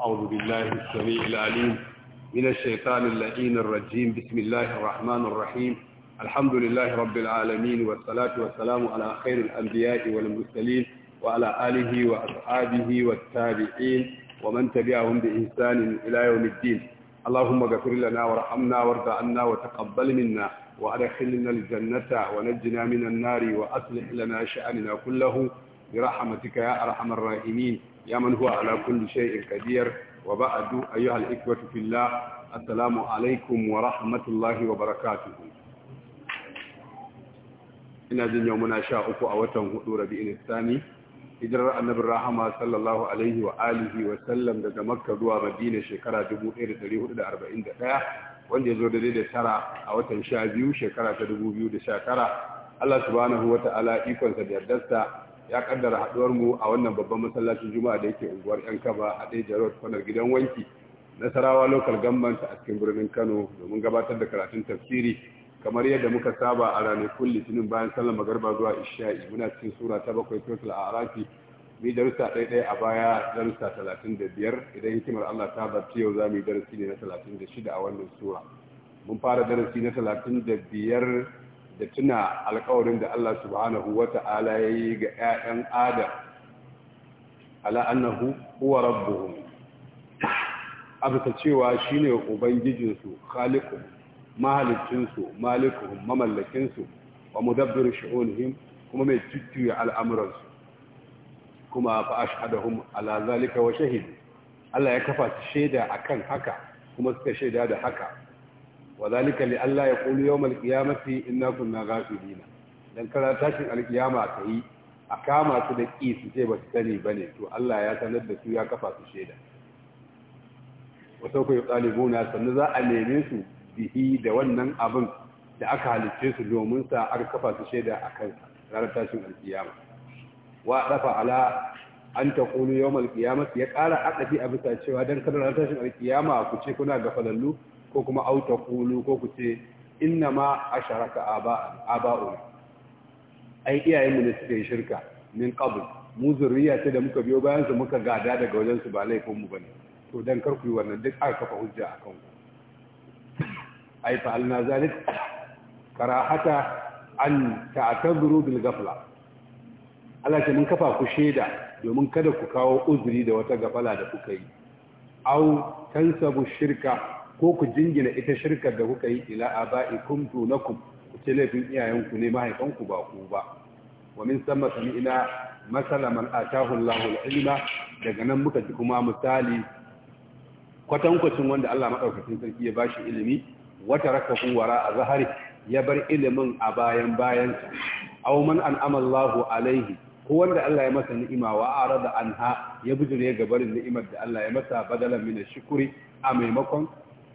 أعوذ بالله السميع العليم من الشيطان اللئين الرجيم بسم الله الرحمن الرحيم الحمد لله رب العالمين والصلاة والسلام على خير الأنبياء والمرسلين وعلى آله وأصحابه والتابعين ومن تبعهم بإحسان إلى يوم الدين اللهم اغفر لنا وارحمنا وارض عنا وتقبل منا وأدخلنا الجنة ونجنا من النار وأصلح لنا شأننا كله برحمتك يا أرحم الراحمين يا من هو على كل شيء قدير وبعد أيها الإخوة في الله السلام عليكم ورحمة الله وبركاته ina jin yau muna sha uku a watan hudu rabi'in islami hijirar annabin sallallahu alaihi wa alihi wa sallam daga makka zuwa madina shekara 1441 wanda ya zo daidai da tara a watan sha biyu shekara ta 2019 allah subhanahu wa ta'ala ikonsa da yardarsa ya kaddara haduwar mu a wannan babban masallacin juma'a da yake unguwar yan kaba a ɗaya road kwanar gidan wanki nasarawa local government a cikin birnin kano domin gabatar da karatun tafsiri kamar yadda muka saba a ranar ranakun litinin bayan sallar magarba zuwa isha'i muna cikin sura ta bakwai total a arafi mu darussa ɗaya a baya darussa talatin da biyar idan hikimar allah ta zarce yau za mu yi darasi ne na talatin da shida a wannan sura mun fara darasi na talatin da biyar da tuna alkawarin da Allah subhanahu wa ta'ala ya yi ga ‘ya'yan adam ala annahu huwa rabbuhum cewa shi ne ubangijinsu mahalikin su malikuhum mamallakinsu wa mudabbir shu'unihim kuma mai tuttuya al'amuransu kuma fa ashhadahum ala zalika wa shahid Allah ya kafa shaida akan haka kuma suka shaida da haka wa zalika li Allah ya qulu yawmal qiyamati inna kunna ghafilina dan kara tashin alkiyama kai a kama su da ki su ce ba su sani bane to Allah ya sanar da su ya kafa su sheda wa sauka yuqalibuna sannan za a neme su bihi da wannan abin da aka halice su domin sa aka kafa su sheda akan ranar tashin alkiyama wa dafa ala an ta kulu yawon alkiyamata ya kara aɗafi a bisa cewa don kada na tashin alkiyama ku ce kuna gafalallu ko kuma auta kulu ko ku ce inna ma a sharaka aba'una ai iyayenmu ne suka yi shirka min qabl mu zuriya ce da muka biyo bayansu su muka gada daga wajen su ba laifin mu bane to dan kar ku yi wannan duk aka kafa hujja akan ku ai fa alna karahata an ta'tadiru bil ghafla Allah ce mun kafa ku sheda domin kada ku kawo uzuri da wata gafala da kuka yi au tansabu shirka ko ku jingina ita shirkar da kuka yi ila aba'ikum dunakum ku ce laifin iyayenku ne mahaifanku ba ku ba wa min samma sami'na masala masalaman atahu Allahu al-ilma daga nan muka ji kuma misali kwatankwacin wanda Allah madaukakin sarki ya bashi ilimi wata rakafu wara a zahari ya bar ilimin a bayan bayan aw man an amallahu alaihi ko wanda Allah ya masa ni'ima wa arada anha ya bijire gabarin ni'imar da Allah ya masa badalan min shukuri a maimakon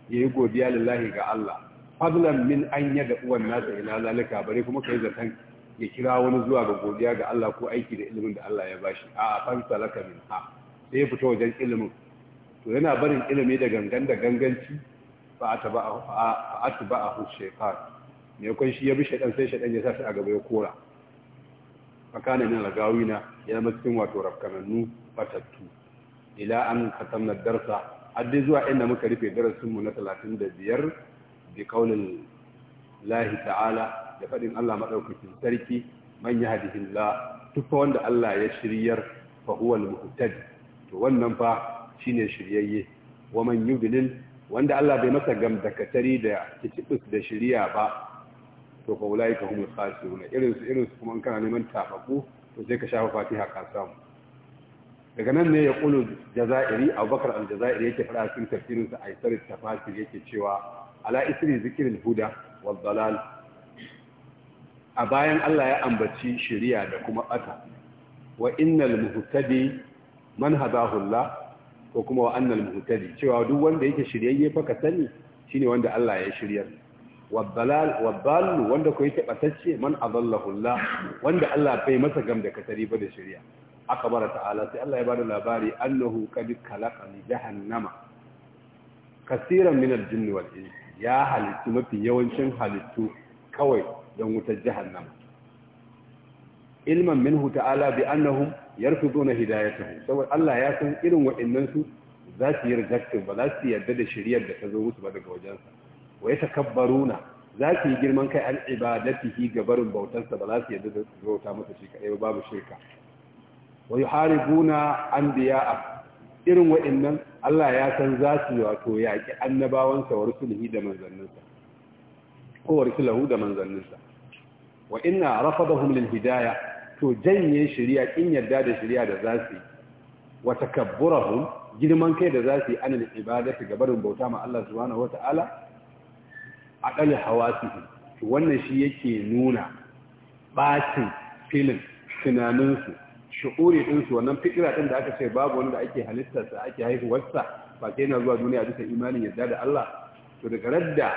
yayi godiya lillahi ga Allah fadlan min an da uwan nasa ila zalika bare kuma yi zaton ya kira wani zuwa ga godiya ga Allah ko aiki da ilimin da Allah ya bashi a fan salaka min ha sai ya fito wajen ilimin to yana barin ilimi da gangan da ganganci a atba'ahu fa atba'ahu shaytan ne kun shi ya bi shaytan sai shaytan ya sa a gaba ya kora fakana min na, ya maskin wato rafkanannu fatattu ila an katamna darsa dai zuwa inda muka rufe darasinmu na 35 bi kaunin lahi ta'ala da faɗin Allah maɗaukakin sarki man ya hadihin la tufa wanda Allah ya shiryar fa huwa to wannan fa ne shiryayye wa man yudlil wanda Allah bai masa gamdakatari da kitibus da shiriya ba to fa ulaika humul khasirun irin su irin su kuma in kana neman tabaku to sai ka shafa fatiha ka samu daga nan ne ya kulu jazairi abubakar al yake fara cikin tafsirin sa aisar tafasir yake cewa ala isri Zikirin huda wal dalal a bayan Allah ya ambaci shari'a da kuma ata wa innal muhtadi man hadahu ko kuma wa annal muhtadi cewa duk wanda yake shiryayye fa ka sani shine wanda Allah ya shiryar wabbalal wabbalu wanda ko yake batacce man adallahu wanda Allah bai masa gam da katari ba da shari'a akbar ta'ala sai Allah ya bada labari annahu qad khalaqa li jahannama kaseeran min al-jinni wal ya halittu mafi yawancin halittu kawai don wutar jahannama ilman minhu ta'ala bi annahum yarfuduna hidayatuhum saboda Allah ya san irin wa'annan su za su yi rejection ba za su yarda da shiriyar da ta zo musu ba daga wajensa wa yatakabbaruna za su yi girman kai an ibadatihi ga barin bautarsa ba za su yarda da bauta masa shi kadai ba babu shirka wa yuharibuna anbiya'a irin wainnan Allah ya san za su wato yaƙi annabawansa wa da manzanninsa ko wa da manzanninsa wa inna rafadahum lil hidaya to janye shari'a in yarda da shari'a da za su wa takabburahum girman kai da za su yi anil ibadati ga barin bauta ma Allah subhanahu wata'ala aqal hawasihi to wannan shi yake nuna bacin filin tunaninsu shu'uri ɗinsu, su wannan fikira ɗin da aka ce babu wanda ake halittarsa, sa ake haihuwarsa ba sai na zuwa duniya duka imanin yarda da Allah to daga radda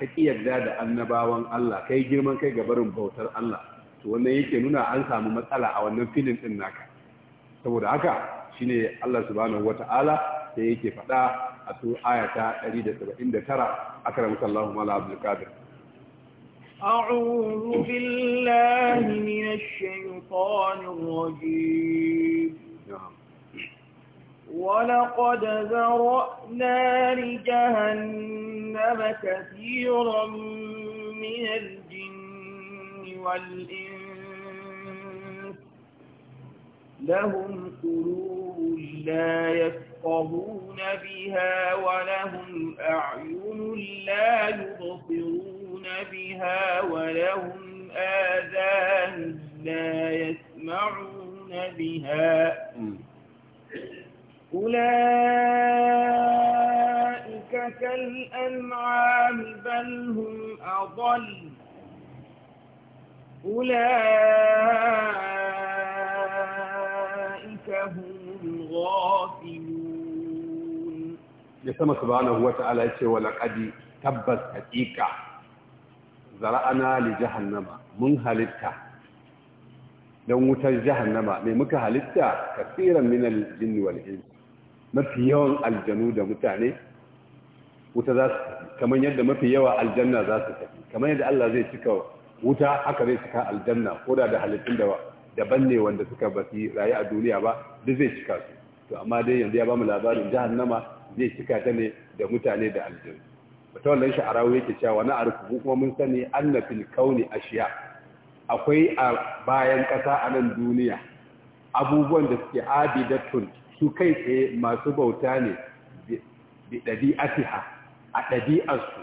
ka ki yarda da annabawan Allah kai girman kai gabarin bautar Allah to wannan yake nuna an samu matsala a wannan filin ɗin naka saboda haka shine Allah subhanahu wataala sai yake faɗa a su ayata 179 tara Allahu mala abdul qadir أعوذ بالله من الشيطان الرجيم نعم. ولقد ذرأنا لجهنم كثيرا من الجن والإنس لهم قلوب لا يفقهون بها ولهم أعين لا يبصرون بها ولهم آذان لا يسمعون بها أولئك كالأنعام بل هم أضل أولئك هم الغافلون يسمى سبحانه وتعالى يقول ولقد تبت حقيقة zara'ana li jahannama mun halitta don wutar jahannama mai muka halitta kafiran min jinni wal insi mafi yawan aljanu da mutane wuta za su kamar yadda mafi yawa aljanna za su tafi kamar yadda Allah zai cika wuta haka zai cika aljanna ko da da halittun da daban ne wanda suka basi rayu a duniya ba duk zai cika su to amma dai yanzu ya ba mu labarin jahannama zai cika ta ne da mutane da aljanu wannan sha'arawi yake cewa wani arku kuma mun sani anna fil kauni ashiya akwai a bayan ƙasa a nan duniya abubuwan da suke abidatun su kai tsaye masu bauta ne bi dabi'atiha a ɗabi'arsu.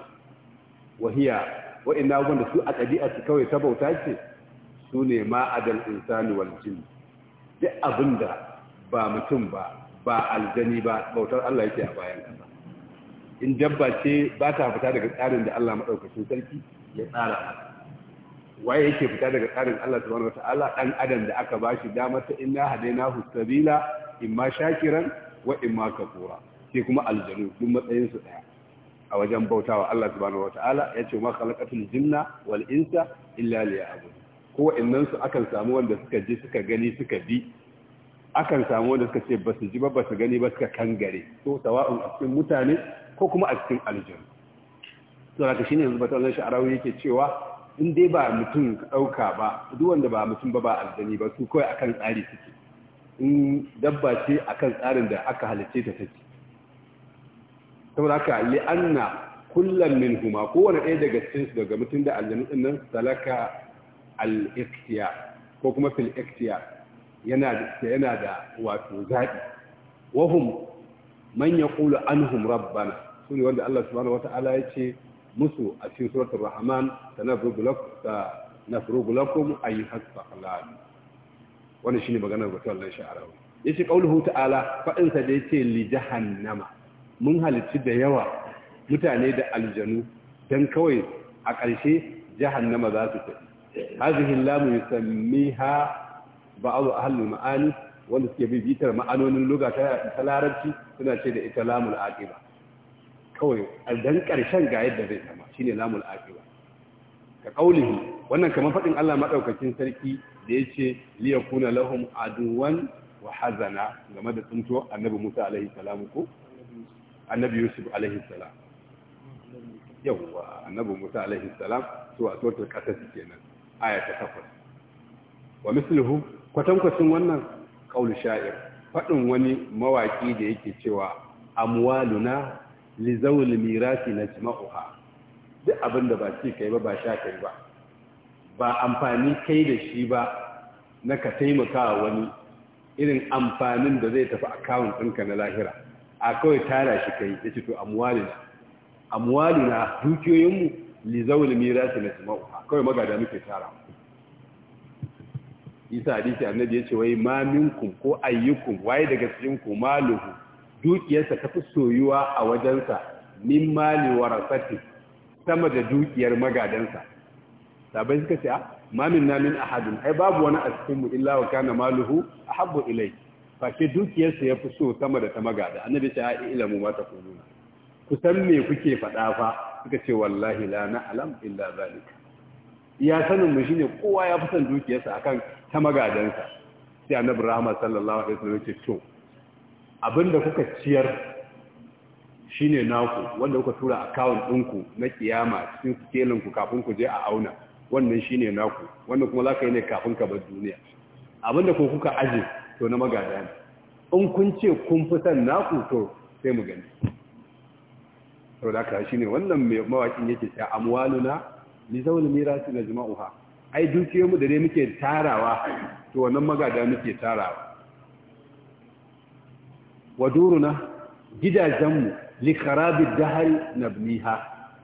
wahiya wa'annan da su a ɗabi'arsu kawai ta bauta ce su ne ma adal insani wal jin duk abinda ba mutum ba ba aljani ba bautar Allah yake a bayan ƙasa. in dabba ce ba ta fita daga tsarin da Allah maɗaukacin sarki ya tsara waye yake fita daga tsarin Allah subhanahu wata'ala dan adam da aka bashi damar ta inna hadainahu sabila imma shakiran wa imma kafura sai kuma aljanu duk matsayin su daya a wajen bautawa Allah subhanahu wata'ala yace ma khalaqatul jinna wal insa illa liya'budun ko innan su akan samu wanda suka ji suka gani suka bi akan samu wanda suka ce basu ji ba basu gani ba suka kangare to sawa'un a cikin mutane ko kuma a cikin aljanna to haka shine yanzu batun sha'arawi yake cewa in dai ba mutum ka dauka ba duk wanda ba mutum ba ba aljani ba su kawai akan tsari suke in dabba ce akan tsarin da aka halice ta take saboda haka li anna kullum min huma kowane ɗaya daga cikinsu daga mutum da aljanu ɗin nan salaka al ko kuma fil yana da wato zaɓi wahum man yaqulu anhum rabbana sune wanda Allah subhanahu wata'ala ya ce musu a cikin suratul rahman sanafrugu lakum lakum ayyuhas thaqalan wannan shine maganar wata Allah sha'arawi yace qauluhu ta'ala fa'in sa da yace li jahannama mun halitti da yawa mutane da aljanu dan kawai a ƙarshe jahannama za su tafi hadhihi lamu yusammiha ba'd ahlul ma'ani wanda suke bibitar ma'anonin luga ta larabci suna ce da ita lamul aqiba kawai aldan karshen ga yadda zai zama shine lamul aqiba ka kaulihi wannan kamar fadin Allah madaukakin sarki da yace li yakuna lahum aduwan wa hazana game da tsunto annabi Musa alaihi salamu ko annabi Yusuf alaihi salam yawa annabi Musa alaihi salam to a total kasar kenan aya ta 8 wa mislihu kwatankwacin wannan Kaulu sha'ir faɗin wani mawaƙi da yake cewa amwaluna li zaul mirasi na jima'uha duk abin da ba ce kai ba ba sha kai ba ba amfani kai da shi ba na ka taimaka wani irin amfanin da zai tafi akawun ɗinka na lahira a kawai tara shi kai ya ce to amwaluna amwalina dukiyoyinmu li mirasi na jima'uha kawai magada muke tara isa hadisi annabi ya ce wai ma minkum ko ayyukum waye daga cikin ku maluhu dukiyarsa ta fi soyuwa a wajensa min mali warasati sama da dukiyar magadansa sabai suka ce ah, ma min na min ahadin ai babu wani a cikin mu illa wa kana maluhu ahabbu ilai ke dukiyarsa ya fi so sama da ta magada annabi ce ai ah, ilmu ma ta kununa ku san me kuke faɗa fa suka ce wallahi la na alam illa zalika ya sanin mu shine kowa ya fi son dukiyarsa akan ta magadansa sai annabi rahama sallallahu alaihi wasallam ya ce to abinda kuka ciyar shine naku wanda kuka tura account ɗinku na kiyama cikin skelin ku kafin ku je a auna wannan shine naku wannan kuma zaka yi ne kafin ka bar duniya abinda ko kuka aje to na magada ne in kun ce kun fi san naku to sai mu gani saboda haka shine wannan mai mawakin yake cewa amwaluna li zawul mirasi na jima'uha ai dukiyoyinmu da dai muke tarawa to wannan magada muke tarawa wa duruna gidajenmu li kharabi na nabniha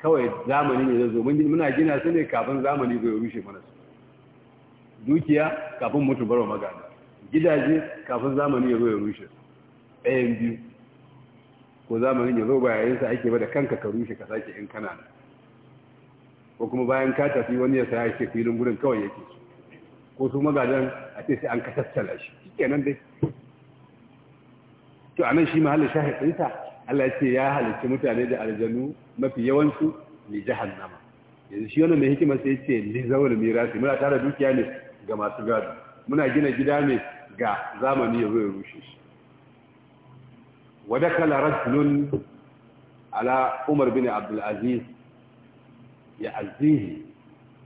kawai zamani ne zai zo muna gina su ne kafin zamani zai rushe mana su dukiya kafin mutu barwa magada gidaje kafin zamani ya zo ya rushe ɗayan biyu ko zamanin ya zo ba yayin sa ake ba da kanka ka rushe ka sake in kana ko kuma bayan ka tafi wani ya saya ce filin gurin kawai yake ko su magadan a ce sai an ka tattala shi kenan dai to anan shi mahallin ta. Allah ya ce ya halicci mutane da aljanu mafi yawansu li jahannama yanzu shi wannan mai hikima sai ce li zawul mirasi muna tara dukiya ne ga masu gado muna gina gida ne ga zamani ya zo ya rushe shi wadakala rajulun ala Umar bin Abdul Aziz ya azihi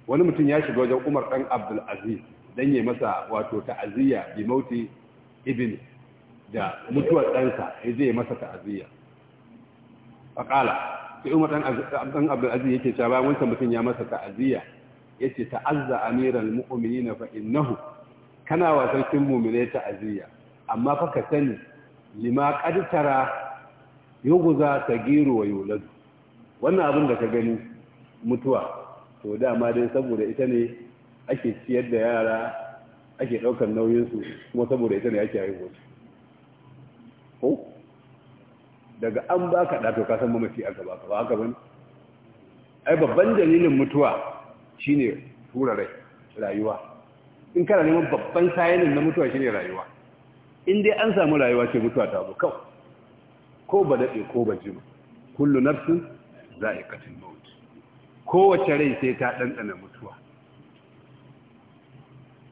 wani mutum ya shiga wajen umar ɗan abdul aziz don ya masa wato ta'aziyya bi mauti ibn da mutuwar ɗansa ya zai masa ta'aziyya faƙala sai umar ɗan abdul aziz yake cewa bayan wancan mutum ya masa ta'aziyya ya ce ta'azza amiral mu'minina fa innahu kana wa sarkin mu'mine ta'aziyya amma fa ka sani lima qad yuguza ta tagiru wa Yuladu. wannan abin da ka gani mutuwa to dama dai saboda ita ne ake ciyar da yara ake ɗaukar nauyinsu kuma saboda ita ne ake haihuwa ko daga an ba ka ɗato kasan mamaci a gaba, ka ba haka bane ai babban dalilin mutuwa shine tura rai rayuwa in kana neman babban sayanin na mutuwa shine rayuwa in dai an samu rayuwa ce mutuwa ta abu kawai ko ba daɗe ko ba jima kullu nafsin za'iqatul maut kowace rai sai ta ɗanɗana mutuwa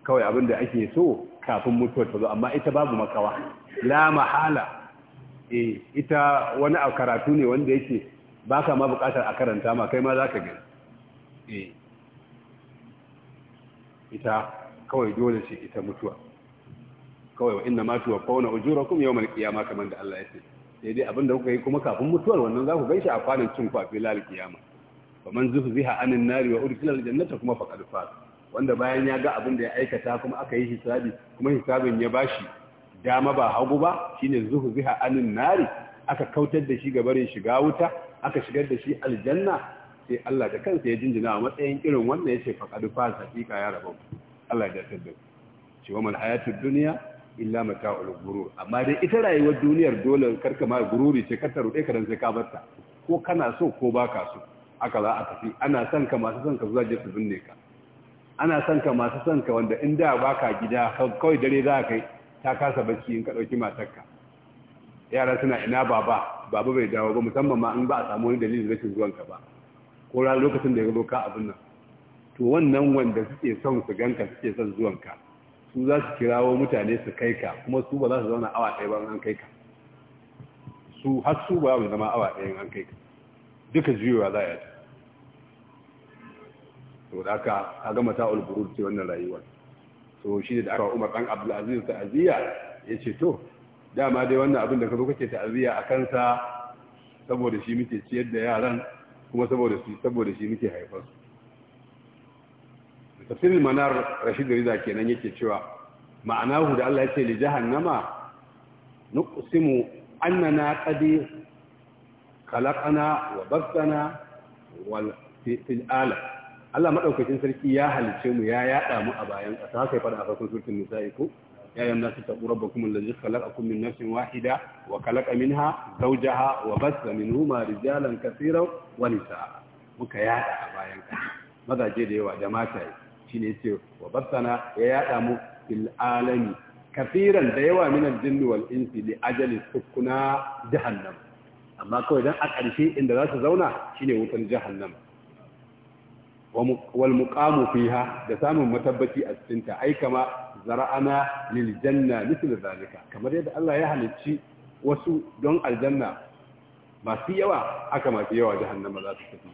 kawai abin da ake so kafin mutuwar ta zo amma ita babu makawa la mahala eh, ita wani a karatu ne wanda yake ba ka ma bukatar a karanta ma kai ma za ka gani eh. ita kawai dole ce ita mutuwa kawai wa inna ujura kuma yau malikiya ma kamar da Allah ya ce sai dai abinda kuka yi kuma kafin mutuwar wannan za ku gaishe a kwanan cin kwafi lalikiya ma kamar zuhziha anin nari wa udkhila aljannata kuma faqad faz wanda bayan ya ga abin da ya aikata kuma aka yi hisabi kuma hisabin ya bashi dama ba hagu ba shine zuhziha anin nari aka kautar da shi ga barin shiga wuta aka shigar da shi aljanna sai Allah da kansa ya jinjina a matsayin irin wannan yace faqad faz hakika ya rabu Allah ya dace da wa mal hayatud dunya illa mata'ul ghurur amma dai ita rayuwar duniyar dole karka ma gururi ce ka tarude ka dan sai ka barta ko kana so ko baka so aka za a tafi ana son ka masu son ka zuwa je su binne ka ana son ka masu son ka wanda in da baka gida kawai dare za ka kai ta kasa bacci in ka dauki matarka yara suna ina baba baba bai dawo ba musamman ma in ba a samu wani dalilin rashin zuwan ka ba ko ran lokacin da ya zo ka abin nan to wannan wanda suke son su ganka suke son zuwan ka su za su kirawo mutane su kai ka kuma su ba za su zauna awa ɗaya ba an kai ka su har su ba mu zama awa ɗaya an kai ka duka juyowa za a yi to da aka kaga mata ulburur ce wannan rayuwar to shi da aka Umar dan Abdulaziz Aziz ta aziya yace to dama dai wannan abin da ka zo kake ta aziya a kansa saboda shi muke ciyar da yaran kuma saboda shi saboda shi muke haifar su tafsir manar Rashid Riza kenan yake cewa ma'anahu da Allah yace li jahannama nuqsimu annana qadi khalaqana wa bastana wal fi alam Allah madaukakin sarki ya halice mu ya yada mu a bayan ƙasa haka ya fada a farkon surtin nisa'i ko ya yi nasu taɓu rabbakum allazi khalaqakum min nafsin wahida wa khalaqa minha zawjaha wa basa bassa minhuma rijalan katsiran wa nisaa muka yada a bayan ƙasa mazaje da yawa da mata ne ce wa bassana ya yada mu fil alami kafiran da yawa min aljinni wal insi li ajali sukuna jahannam amma kawai dan a ƙarshe inda za su zauna shine wutan jahannam wal muqamu fiha da samun matabbaci a cikin ta ai kama zara'ana lil janna mithlu zalika kamar yadda Allah ya halicci wasu don aljanna masu yawa aka masu yawa jahannama za su tafi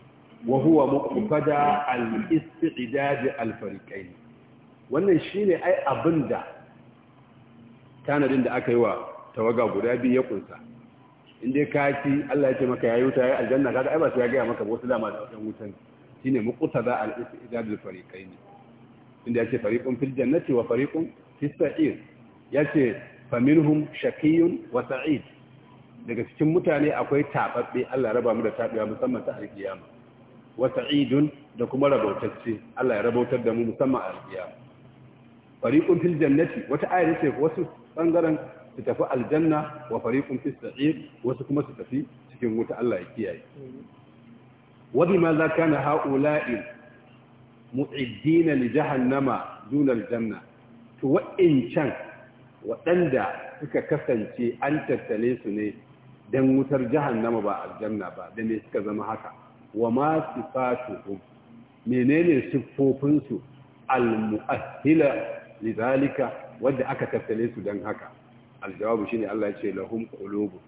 wa huwa muqtada al istidad al fariqain wannan shine ai abinda tanadin da aka yi wa tawaga guda biyu ya kunsa inda ka ci Allah ya ce maka yayi wuta yayi aljanna kaga ai ba su ya ga maka wasu lama da wutan shine muqtada al-istidad lil ne, inda yake fariƙun fil jannati wa fariƙun fis sa'ir yace faminhum shakiyun wa sa'id daga cikin mutane akwai tababbe Allah raba mu da tabiya musamman ta alkiyama wa sa'idun da kuma rabautacce Allah ya rabautar da mu musamman a Fariƙun fariqun fil jannati wata ayar ce wasu bangaren su tafi aljanna wa fariƙun fis sa'ir wasu kuma su tafi cikin wuta Allah ya kiyaye وبماذا كان هؤلاء mu'iddina li nama dunal janna to wa'incan waɗanda suka kasance an tattale su ne don wutar jahannama ba aljanna ba da me suka zama haka wa ma sifatuhum menene siffofin su almu'athila lidhalika wadda aka tattale su dan haka aljawabu shine Allah ya ce lahum qulubun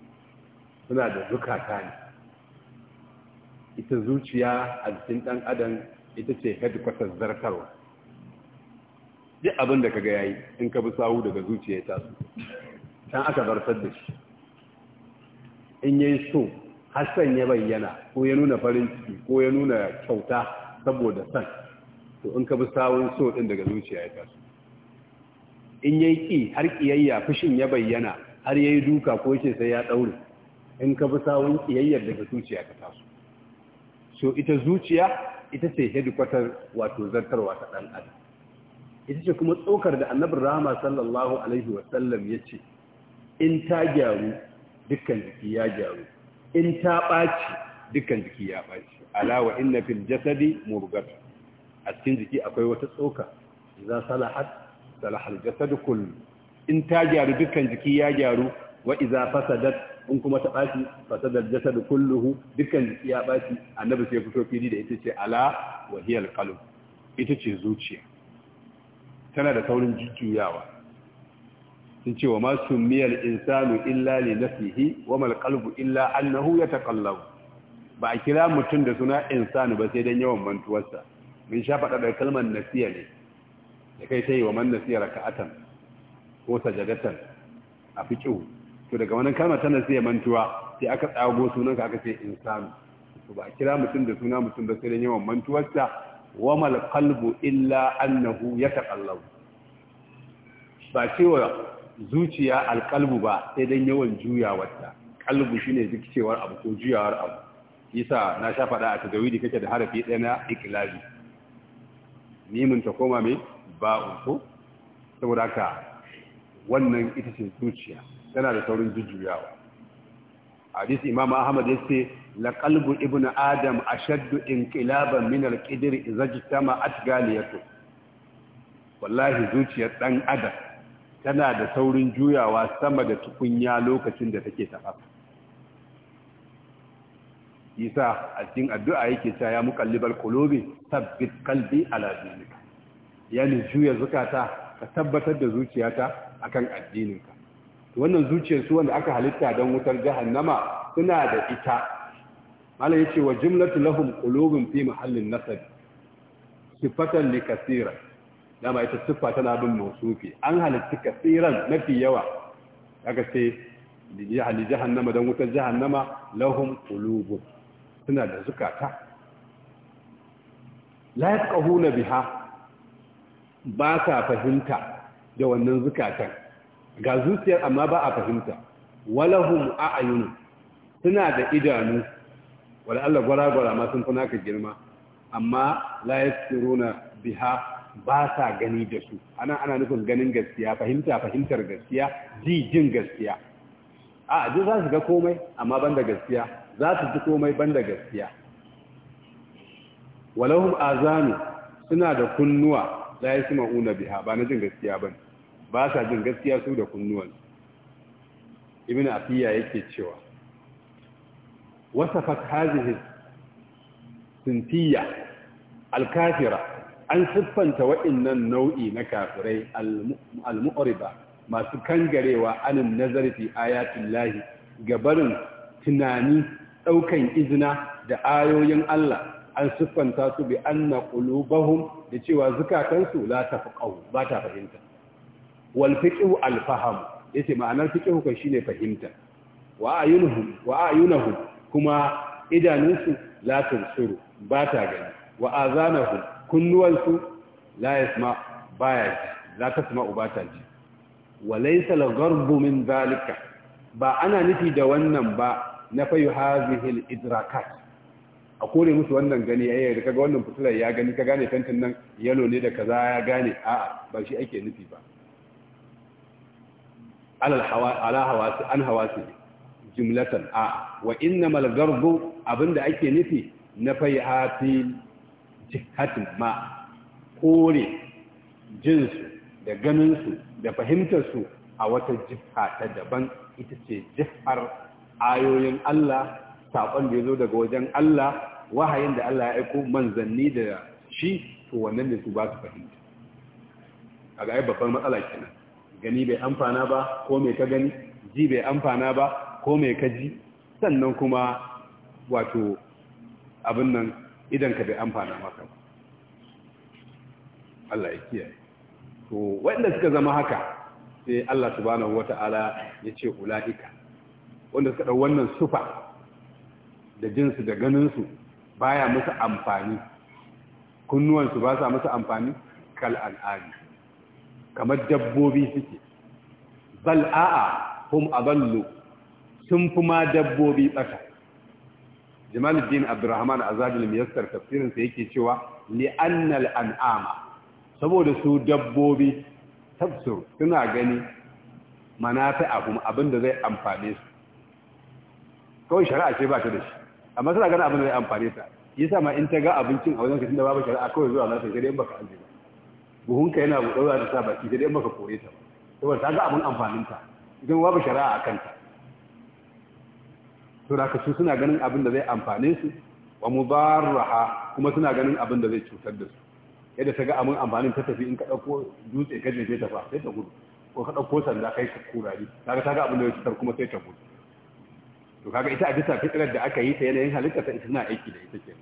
suna da zukata ne ita zuciya a jikin ɗan adam ita ce headquarters zartarwa duk abin da kaga yayi in ka bi sawu daga zuciya ta su can aka zartar da shi in yayi so hassan ya bayyana ko ya nuna farin ciki ko ya nuna kyauta saboda san to in ka bi sawun so din daga zuciya ya taso in yayi ki har kiyayya fushin ya bayyana har yayi duka ko yace sai ya daure in ka bi sawun kiyayyar daga zuciya ka taso so ita zuciya ita ce hedikwatar wato zartarwa ta ɗan adam ita ce kuma tsokar da annabin rahama sallallahu alaihi wasallam ya ce in ta gyaru dukkan jiki ya gyaru in ta ɓaci dukkan jiki ya ɓaci alawa inna fil jasadi murgata a cikin jiki akwai wata tsoka za salahat salahal jasad kullu in ta gyaru dukkan jiki ya gyaru wa iza fasadat in kuma ta baci fasadar jasad kulluhu dukkan jiki ya baci annabi sai fito fili da ita ce ala wa hiya alqalb ita ce zuciya tana da taurin jujjuyawa sun ce wa ma sumiyal insanu illa li nafsihi wa mal qalbu illa annahu yataqallabu ba a kira mutum da suna insanu ba sai dan yawan mantuwarsa mun sha faɗa da kalmar nasiya ne da kai ta yi wa man nasiya raka'atan ko sajadatan a fiqhu to daga wannan kalmar tana sai mantuwa sai aka tsago sunanka aka ce insan to ba kira mutum da suna mutum ba sai dan yawan mantuwarsa wa mal qalbu illa annahu yataqallabu ba cewa zuciya alqalbu ba sai dan yawan juyawarta qalbu shine zikcewar abu ko juyawar abu yasa na sha faɗa a tajawidi kake da harafi ɗaya na iklabi mimin ta koma mai ba'u ko saboda haka wannan ita ce zuciya tana da saurin jujjuyawa hadisi imam ahmad ya ce la qalbu ibn adam ashaddu inqilaban min al-qidr idza jtama atgaliyatu wallahi zuciyar dan adam tana da saurin juyawa sama da tukunya lokacin da take tafasa isa a cikin addu'a yake cewa ya muqallibal qulubi thabbit qalbi ala dinika yani juya zukata ka tabbatar da zuciyata akan addininka wannan zuciyar su wanda aka halitta don wutar jahannama suna da ita mala yace wa jumlatu lahum qulubun fi mahallin nasab sifatan li kaseera dama ita siffa tana bin mausufi an halitta kaseeran mafi yawa aka ce li jahannama don wutar jahannama lahum qulubun suna da zukata la yaqahuna biha ba sa fahimta da wannan zukatan ga zuciyar amma ba a fahimta walahum a'yun suna da idanu wala Allah gwara-gwara ma sun fi ka girma amma la yasiruna biha ba sa gani da su ana ana nufin ganin gaskiya fahimta fahimtar gaskiya ji jin gaskiya a ji za su ga komai amma banda gaskiya za su ji komai banda gaskiya walahum azanu suna da kunnuwa la yasma'una biha ba na jin gaskiya bane ba sa jin gaskiya su da kunnuwan ibn afiya yake cewa wasafat hadhihi sintiya alkafira an siffanta waɗannan nau'i na kafirai almu'riba masu kangarewa anin nazari fi ayatin lahi gabarin tunani daukan izina da ayoyin Allah an siffanta su bi anna qulubahum da cewa zukatansu la tafaqahu ba ta fahimta wal fiqhu al faham yace ma'anar fiqhu kai shine fahimta wa ayunuhum wa ayunuhum kuma idanunsu la tusuru ba ta gani wa azanahum kunnuwansu la yasma baya la tasma'u ba ta ji wa laysa al gharbu min zalika ba ana nufi da wannan ba na fa yuhazihil idrakat a kore musu wannan gani ya yi kaga wannan fitilar ya gani ka gane fentin nan yalo ne da kaza ya gane a'a ba shi ake nufi ba alal hawa ala hawasi an hawasi jumlatan a wa innamal abinda ake nufi na fayati jihatin ma kore jinsu da ganin su da fahimtar su a wata jiha ta daban ita ce jihar ayoyin Allah saƙon da yazo daga wajen Allah wahayin da Allah ya aiko manzanni da shi to wannan ne su ba su fahimta a ga babbar matsala kenan gani bai amfana ba ko mai ka gani ji bai amfana ba ko mai ka ji sannan kuma wato abin nan idan ka bai amfana maka ba Allah ya kiyaye to wanda suka zama haka sai Allah subhanahu wata'ala ya ce ula'ika wanda suka ɗau wannan sufa da jinsu da ganinsu baya musu amfani kunnuwansu ba sa musu amfani kal al'ani kamar dabbobi suke bal a'a hum aballu sun fi ma dabbobi tsaka. jimaluddin abdurrahman azadul miyassar tafsirinsa sa yake cewa li'annal an'ama. saboda su dabbobi tafsir suna gani abu abinda zai amfane su kawai shari'a ce ba ta da shi amma suna gani abinda zai amfane ta yi ma in ta ga abincin a wajen kacin da babu shari'a kawai zuwa za ta gare in baka aje ba buhunka yana buɗe za ta sa baki sai dai maka kore ta saboda ta ga abin amfanin ta idan babu shari'a a kanta to da su suna ganin abin da zai amfane su wa mu raha kuma suna ganin abin da zai cutar da su yadda ta ga abin amfanin ta tafi in ka ɗauko dutse ka jefe ta fa sai ta gudu ko ka ɗauko sanda kai ka kurari ga ta ga abin da zai cutar kuma sai ta gudu to kaga ita a bisa fitilar da aka yi ta yanayin halitta ta ita na aiki da ita ke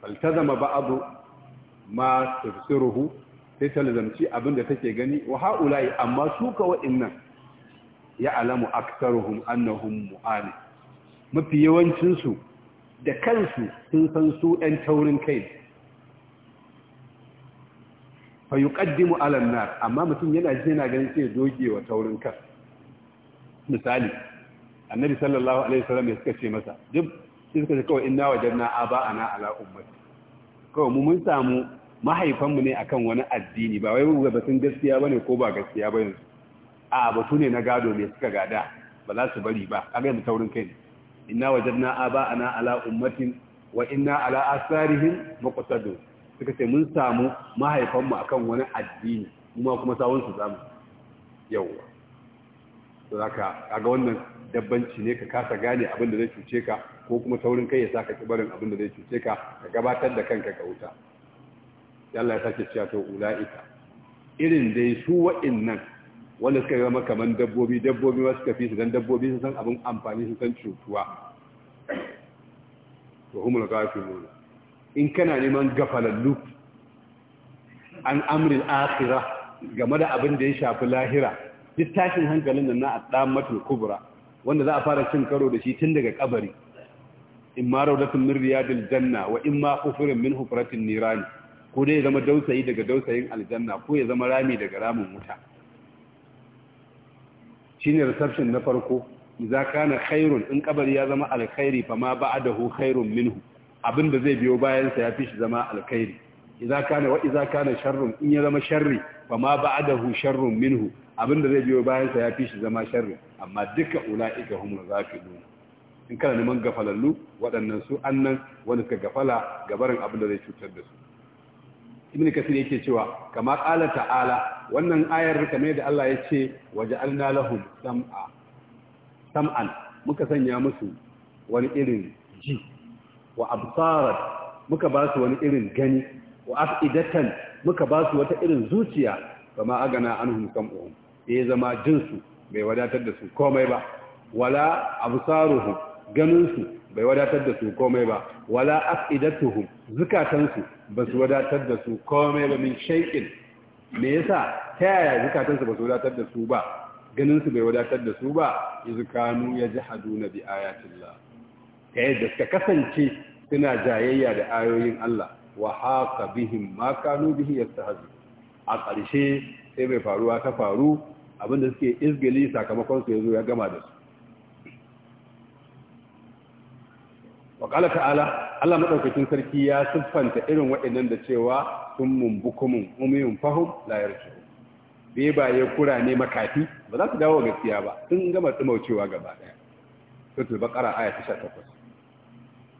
faltazama ba'adu ma tafsiruhu sai ta lazamci abin da take gani wa ha'ula'i amma su ka wa'innan ya alamu aktaruhum annahum mu'ani mafi yawancinsu da kansu sun san su ɗan taurin kai fa yuqaddimu ala nar amma mutum yana ji yana ganin sai doge wa taurin kan misali annabi sallallahu alaihi wasallam ya suka ce masa duk sai suka ce kawai inna aba ana ala ummati kawai mu mun samu mahaifanmu ne akan wani addini ba wai basun gaskiya bane ko ba gaskiya ba yanzu a batu ne na gado ne suka gada ba za su bari ba a yanzu mutaurin kai ne inna wajadna aba'ana ala ummatin wa inna ala asarihim muqtadun suka ce mun samu mahaifanmu akan wani addini kuma kuma sawun su zamu yawa to zaka kaga wannan dabbanci ne ka kasa gane abin da zai cuce ka ko kuma taurin kai ya sa ka barin abin da zai cuce ka ka gabatar da kanka ka wuta yalla ya sake cewa to ula'ika irin dai su wa'annan wanda suka zama kaman dabbobi dabbobi ba suka fi su dan dabbobi sun san abin amfani sun san cutuwa to humul ghafilun in kana neman gafalallu an amril akhirah game da abin da ya shafi lahira duk tashin hankalin nan na adamatul kubra wanda za a fara cin karo da shi tun daga kabari in ma raudatun min riyadil janna wa in ma hufurin min hufratin nirani ko dai ya zama dausayi daga dausayin aljanna ko ya zama rami daga ramin wuta shine reception na farko idza kana khairun in kabari ya zama alkhairi fa ma ba'dahu khairun minhu abinda zai biyo bayan sa fi shi zama alkhairi idza kana wa idza kana sharrun in ya zama sharri fa ma ba'dahu sharrun minhu abin da zai biyo bayansa ya fi shi zama sharri amma duka ula'ika humul zafilun in kana neman gafalallu waɗannan su annan wani suka gafala gabarin abin da zai cutar da su ibn kasir yake cewa kama qala ta'ala wannan ayar kame da Allah ya ce waja'alna lahum sam'a sam'an muka sanya musu wani irin ji wa absarat muka ba su wani irin gani wa afidatan muka ba su wata irin zuciya kama agana anhum sam'uhum ya zama jinsu bai wadatar da su komai ba wala absaruhum ganinsu bai wadatar da su komai ba wala afidatuhum zukatansu ba su wadatar da su komai ba min shaykin me yasa ta yaya zukatansu ba su wadatar da su ba ganinsu bai wadatar da su ba izkanu yajhaduna bi ayatillah ta da suka kasance suna jayayya da ayoyin Allah wa haka bihim ma kanu bihi yastahzi a ƙarshe sai bai faruwa ta faru abinda suke izgili sakamakon su yazo ya gama da su wa qala ta'ala Allah madaukakin sarki ya siffanta irin waɗannan da cewa summun bukumun umiyun fahum la yarju kura ne makafi ba za su dawo gaskiya ba sun gama tsumaucewa gaba daya suratul baqara aya takwas.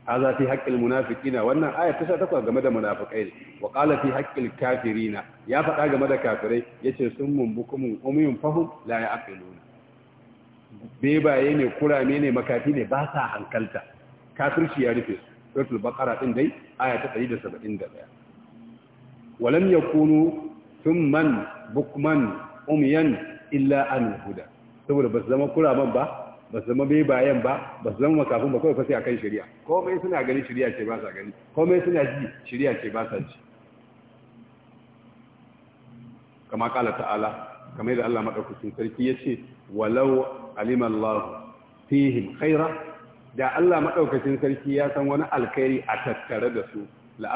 haza fi haqqil munafiqina wannan aya ta game da munafikai wa qala fi haqqil kafirina ya faɗa game da kafirai yace summun bukumun umyun fahum la ya'qiluna bebaye ne kurame ne makafi ne ba sa hankalta kafirci ya rufe suratul baqara din dai aya ta 171 walam yakunu man bukman umyan illa an huda saboda ba su zama kuraman ba ba su zama bai bayan ba ba su zama makafin ba kawai fasi kan shari'a komai suna gani shari'a ce ba sa gani komai suna ji shari'a ce ba sa ji kama kala ta'ala kamar da Allah maɗaukacin sarki ya ce walau alima Allah fihim khaira da Allah maɗaukacin sarki ya san wani alkhairi a tattare da su la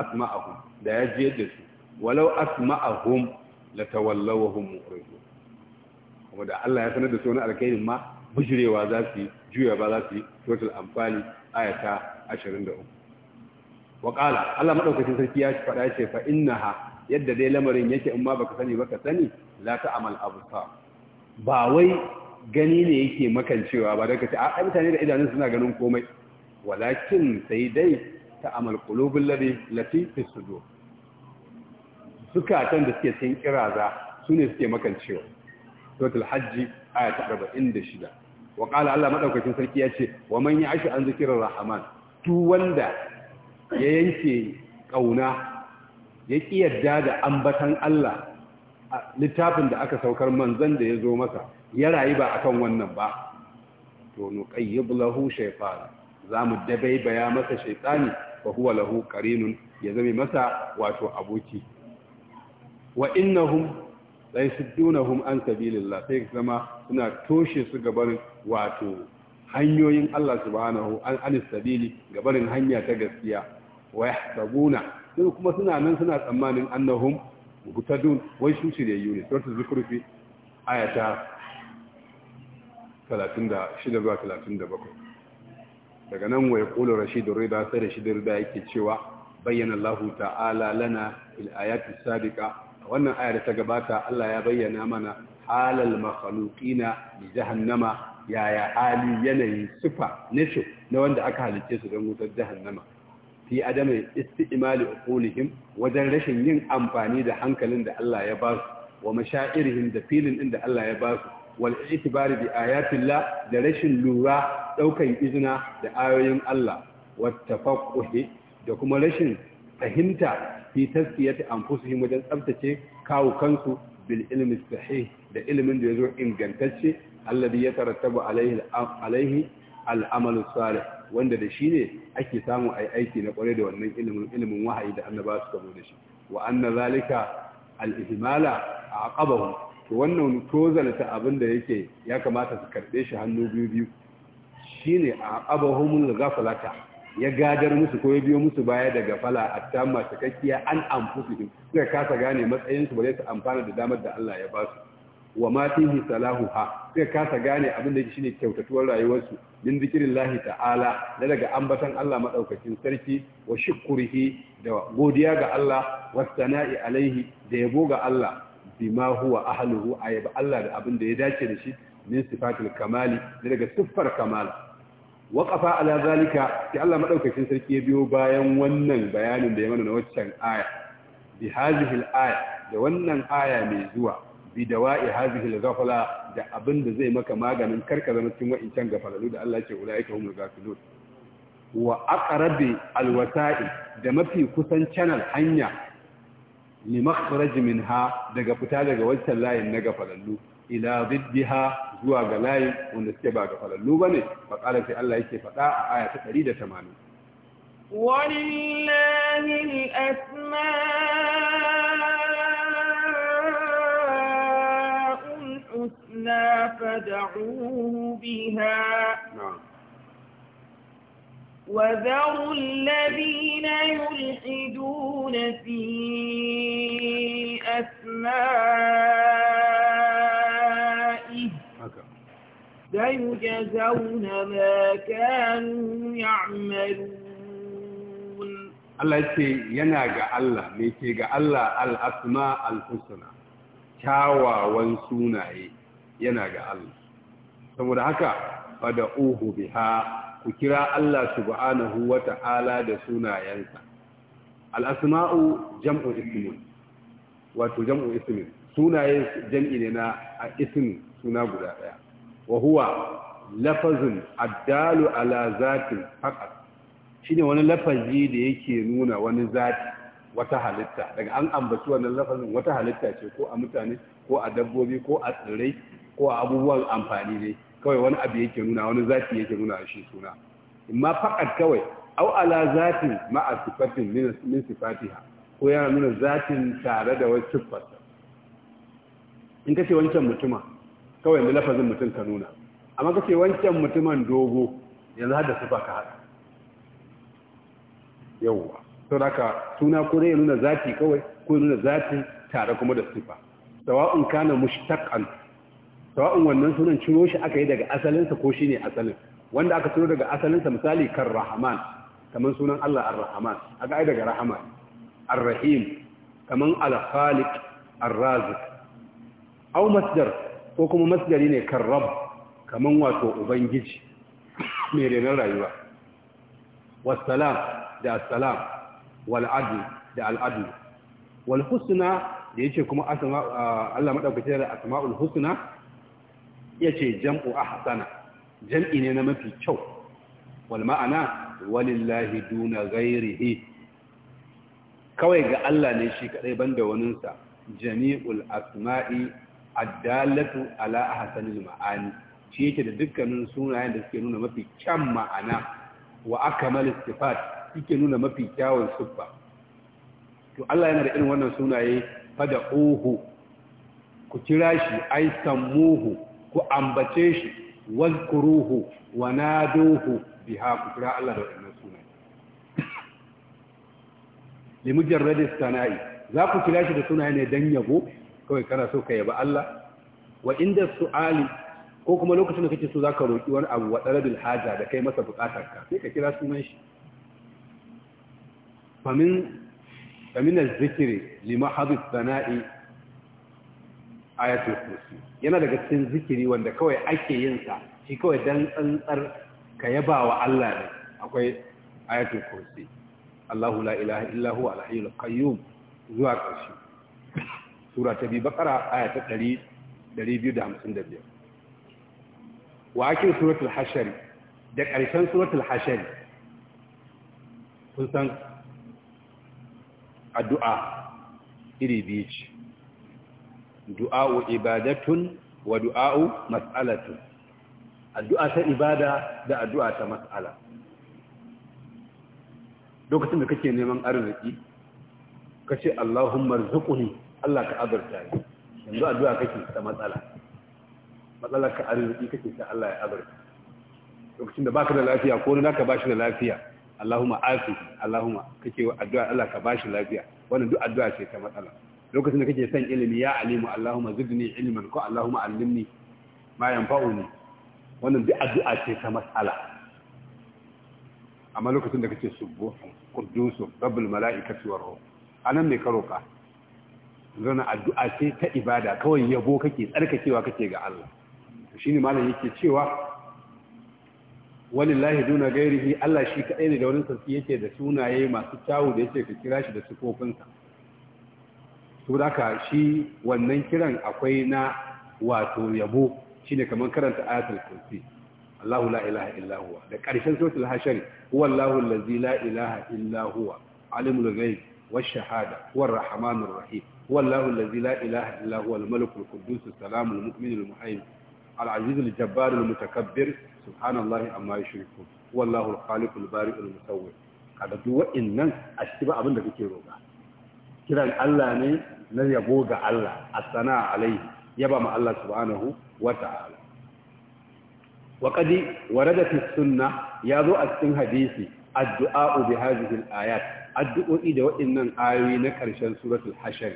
asma'ahum da ya je da su walau asma'ahum la tawallawhum mu'ridun kuma da Allah ya sanar da su wani alkhairi ma bujirewa za su yi juya ba za su yi total amfani ayata 23 wa Allah maɗaukacin sarki ya faɗa ce fa innaha yadda dai lamarin yake in ma baka sani baka sani la ta'mal absar ba wai gani ne yake makancewa ba daga ce a mutane da idanun suna ganin komai walakin sai dai ta'mal qulubul ladhi lati fi zukatan da suke cikin kiraza ne suke makancewa Total hajji ayata 46 wa qala Allah maɗaukacin sarki ya ce wa man ashe an zikirar rahaman? tu wanda ya yanke ƙauna ya ƙi yadda da ambatan Allah littafin da aka saukar manzan da ya zo masa ya rayu ba akan wannan ba to nuqayyib lahu mu zamu dabaibaya masa shaitani? fa huwa lahu qarinun ya zame masa wato aboki wa innahum su yasuddunahum an sabilillah sai zama suna toshe su gaban wato hanyoyin Allah subhanahu an anis sabili gabarin hanya ta gaskiya wa yahsabuna sai kuma suna nan suna tsammanin annahum muhtadun wai su shiryayyu ne suratul zukhruf ayata 36 zuwa 37 daga nan wai qulu rashidun rida sai rashidun rida yake cewa bayyana Allah ta'ala lana fil ayati sabiqa wannan aya da ta gabata Allah ya bayyana mana halal makhluqina bi jahannama yaya hali yanayin sifa nishu na wanda aka halice su don wutar jahannama fi adama isti'mali uqulihim wajen rashin yin amfani da hankalin da Allah ya ba su wa mashairihim da filin din da Allah ya ba su wal i'tibari bi ayatillah da rashin lura daukan izina da ayoyin Allah (Wa tafaqquhi da kuma rashin fahimta fi tasfiyati anfusihim wajen tsaftace kawo kansu bil ilmi sahih da ilimin da yazo ingantacce alladhi yatarattabu alaihi alaihi al'amalu salih wanda da shine ake samu ai aiki na kware da wannan ilimin ilimin wahayi da annaba su kamo da shi wa anna zalika al-ihmala aqabahu to wannan tozalta abinda yake ya kamata su karbe shi hannu biyu biyu shine aqabahumul ghaflata ya gadar musu ko ya biyo musu baya daga fala attamma takakkiya an anfusihim suka kasa gane matsayinsu ba bare su amfana da damar da Allah ya ba su wa ma fihi ha suka kasa gane abin da shine kyautatuwar rayuwar su min lahi ta'ala da daga ambatan Allah madaukakin sarki wa shukrihi da godiya ga Allah wa sana'i alaihi da yabo ga Allah bima huwa ahluhu ayyaba Allah da abin da ya dace da shi min sifatul kamali da daga siffar kamala waƙafa ala zalika sai Allah maɗaukacin sarki ya biyo bayan wannan bayanin da ya mana na waccan aya bi hazihil aya da wannan aya mai zuwa bi dawa'i hazihil ghafala da abin da zai maka maganin karka zama cikin wa'incan gafalalu da Allah ya ce ulaika humul ghafilun wa aqrabi alwasa'i da mafi kusan channel hanya li makhraj minha daga fita daga waccan layin na gafalallu إلى ضدها زوا غلاي ونسيبا غفلا لوبني فقال في الله يكي فتاة آية تريد تماني ولله الأسماء الحسنى فدعوه بها نعم وذروا الذين يلحدون في أسمائهم سيجزون ما كانوا يعملون Allah يتي yana ga Allah me ke ga Allah al-asma al-husna kyawawan sunaye yana ga Allah saboda haka fada'uhu biha ku kira Allah subhanahu wata'ala da sunayensa al-asma'u jam'u ismin wato jam'u ismin sunaye jam'i ne na ismin suna guda daya وهو لفظ lafazun addalu ala فقط shine wani lafazi da yake nuna wani zati wata halitta daga an ambaci wannan lafazin wata halitta ce ko a mutane ko a dabbobi ko a tsirrai ko a abubuwan amfani ne kawai wani abu yake nuna wani zati yake nuna shi suna Amma faqat kawai au ala zatin ma'asifatin sifatin min sifatiha ko yana nuna zatin tare da wani siffarsa in kace wancan mutuma kawai da lafazin mutum ka nuna amma kake wancan mutumin dogo yanzu hada su ba ka haɗa yawwa sau da ka suna ko zai nuna zafi kawai ko nuna zafi tare kuma da sufa sawa'un kana mushtaqan sawa'un wannan sunan ciro shi aka yi daga asalinsa ko shi ne asalin wanda aka ciro daga asalinsa misali kan rahman kamar sunan Allah ar-rahman aka yi daga rahman ar-rahim kamar al-khaliq ar razik masdar ko kuma masdari ne kan rab kaman wato ubangiji mai renon rayuwa wassalam da assalam wal'adu da al'adu. adl da ya ce kuma asma Allah madaukake da asmaul husna yace jam'u ahsana jam'i ne na mafi kyau wal ma'ana walillahi duna gairihi. kawai ga Allah ne shi kaɗai banda waninsa jami'ul asma'i addalatu ala ahsanil ma'ani shi yake da dukkanin sunayen da suke nuna mafi kyan ma'ana wa akmal istifat suke nuna mafi kyawun sifa to Allah yana da irin wannan sunaye fada uhu ku kira shi ai sammuhu ku ambace shi wazkuruhu wa naduhu biha ku kira Allah da wannan sunaye limujarrad sana'i za ku kira shi da sunaye ne dan yabo kawai kana so ka yaba Allah wa inda su'ali ko kuma lokacin da kake so zaka roki wani abu wa talabil haja da kai masa bukatar ka sai ka kira sunan shi famin famin az lima hadith sana'i kursi yana daga cikin zikiri wanda kawai ake yin sa shi kawai dan tsantsar ka yabawa Allah ne akwai ayatul kursi Allahu la ilaha illa huwa al-hayyul qayyum zuwa ƙarshe sura ta biyu bakara aya ta ɗari biyu da hamsin 255 wa akin suratul hashari da ƙarshen suratul hashari kun san addu'a iri biyu ce du'a'u ibadatun wa du'a'u mas'alatun addu'a ta ibada da addu'a ta mas'ala lokacin da kake neman arziki ka ce Allahumma rzuqni Allah ka azurta ni yanzu addu'a kake ta matsala matsala ka arziki kake ta Allah ya azurta lokacin da baka da lafiya ko naka bashi da lafiya Allahumma afi Allahumma kake addu'a Allah ka bashi lafiya wannan duk addu'a ce ta matsala lokacin da kake son ilimi ya alimu Allahumma zidni ilman ko Allahumma allimni ma yanfa'uni wannan duk addu'a ce ta matsala amma lokacin da kake subbu quddus rabbul mala'ikati war ruh anan me ka roka zana addu'a ce ta ibada kawai yabo kake tsarkakewa kake ga Allah ne malam yake cewa lahi duna gairihi Allah shi kaɗai ne da wani sassi yake da sunaye masu kyawu da yake ka kira shi da Su da haka shi wannan kiran akwai na wato yabo shine kamar karanta ayatul kursi Allahu la ilaha illa huwa da ƙarshen suratul hashari huwallahu allazi la ilaha illa huwa alimul ghaib wash shahada huwar rahmanur rahim wallahu allazi la ilaha illa huwa al-malikul quddus as-salamu al-mu'min al-muhaymin al-aziz al-jabbar subhanallahi amma yushrikun wallahu al-khaliq al-bari al-musawwir kada a cikin abin da kake roƙa kiran Allah ne na yabo ga Allah as-sana alaihi yaba ma Allah subhanahu wa ta'ala wa qadi warada fi sunnah yazo a cikin hadisi addu'a bi hadhihi al-ayat addu'o'i da waɗannan ayoyi na ƙarshen suratul hashr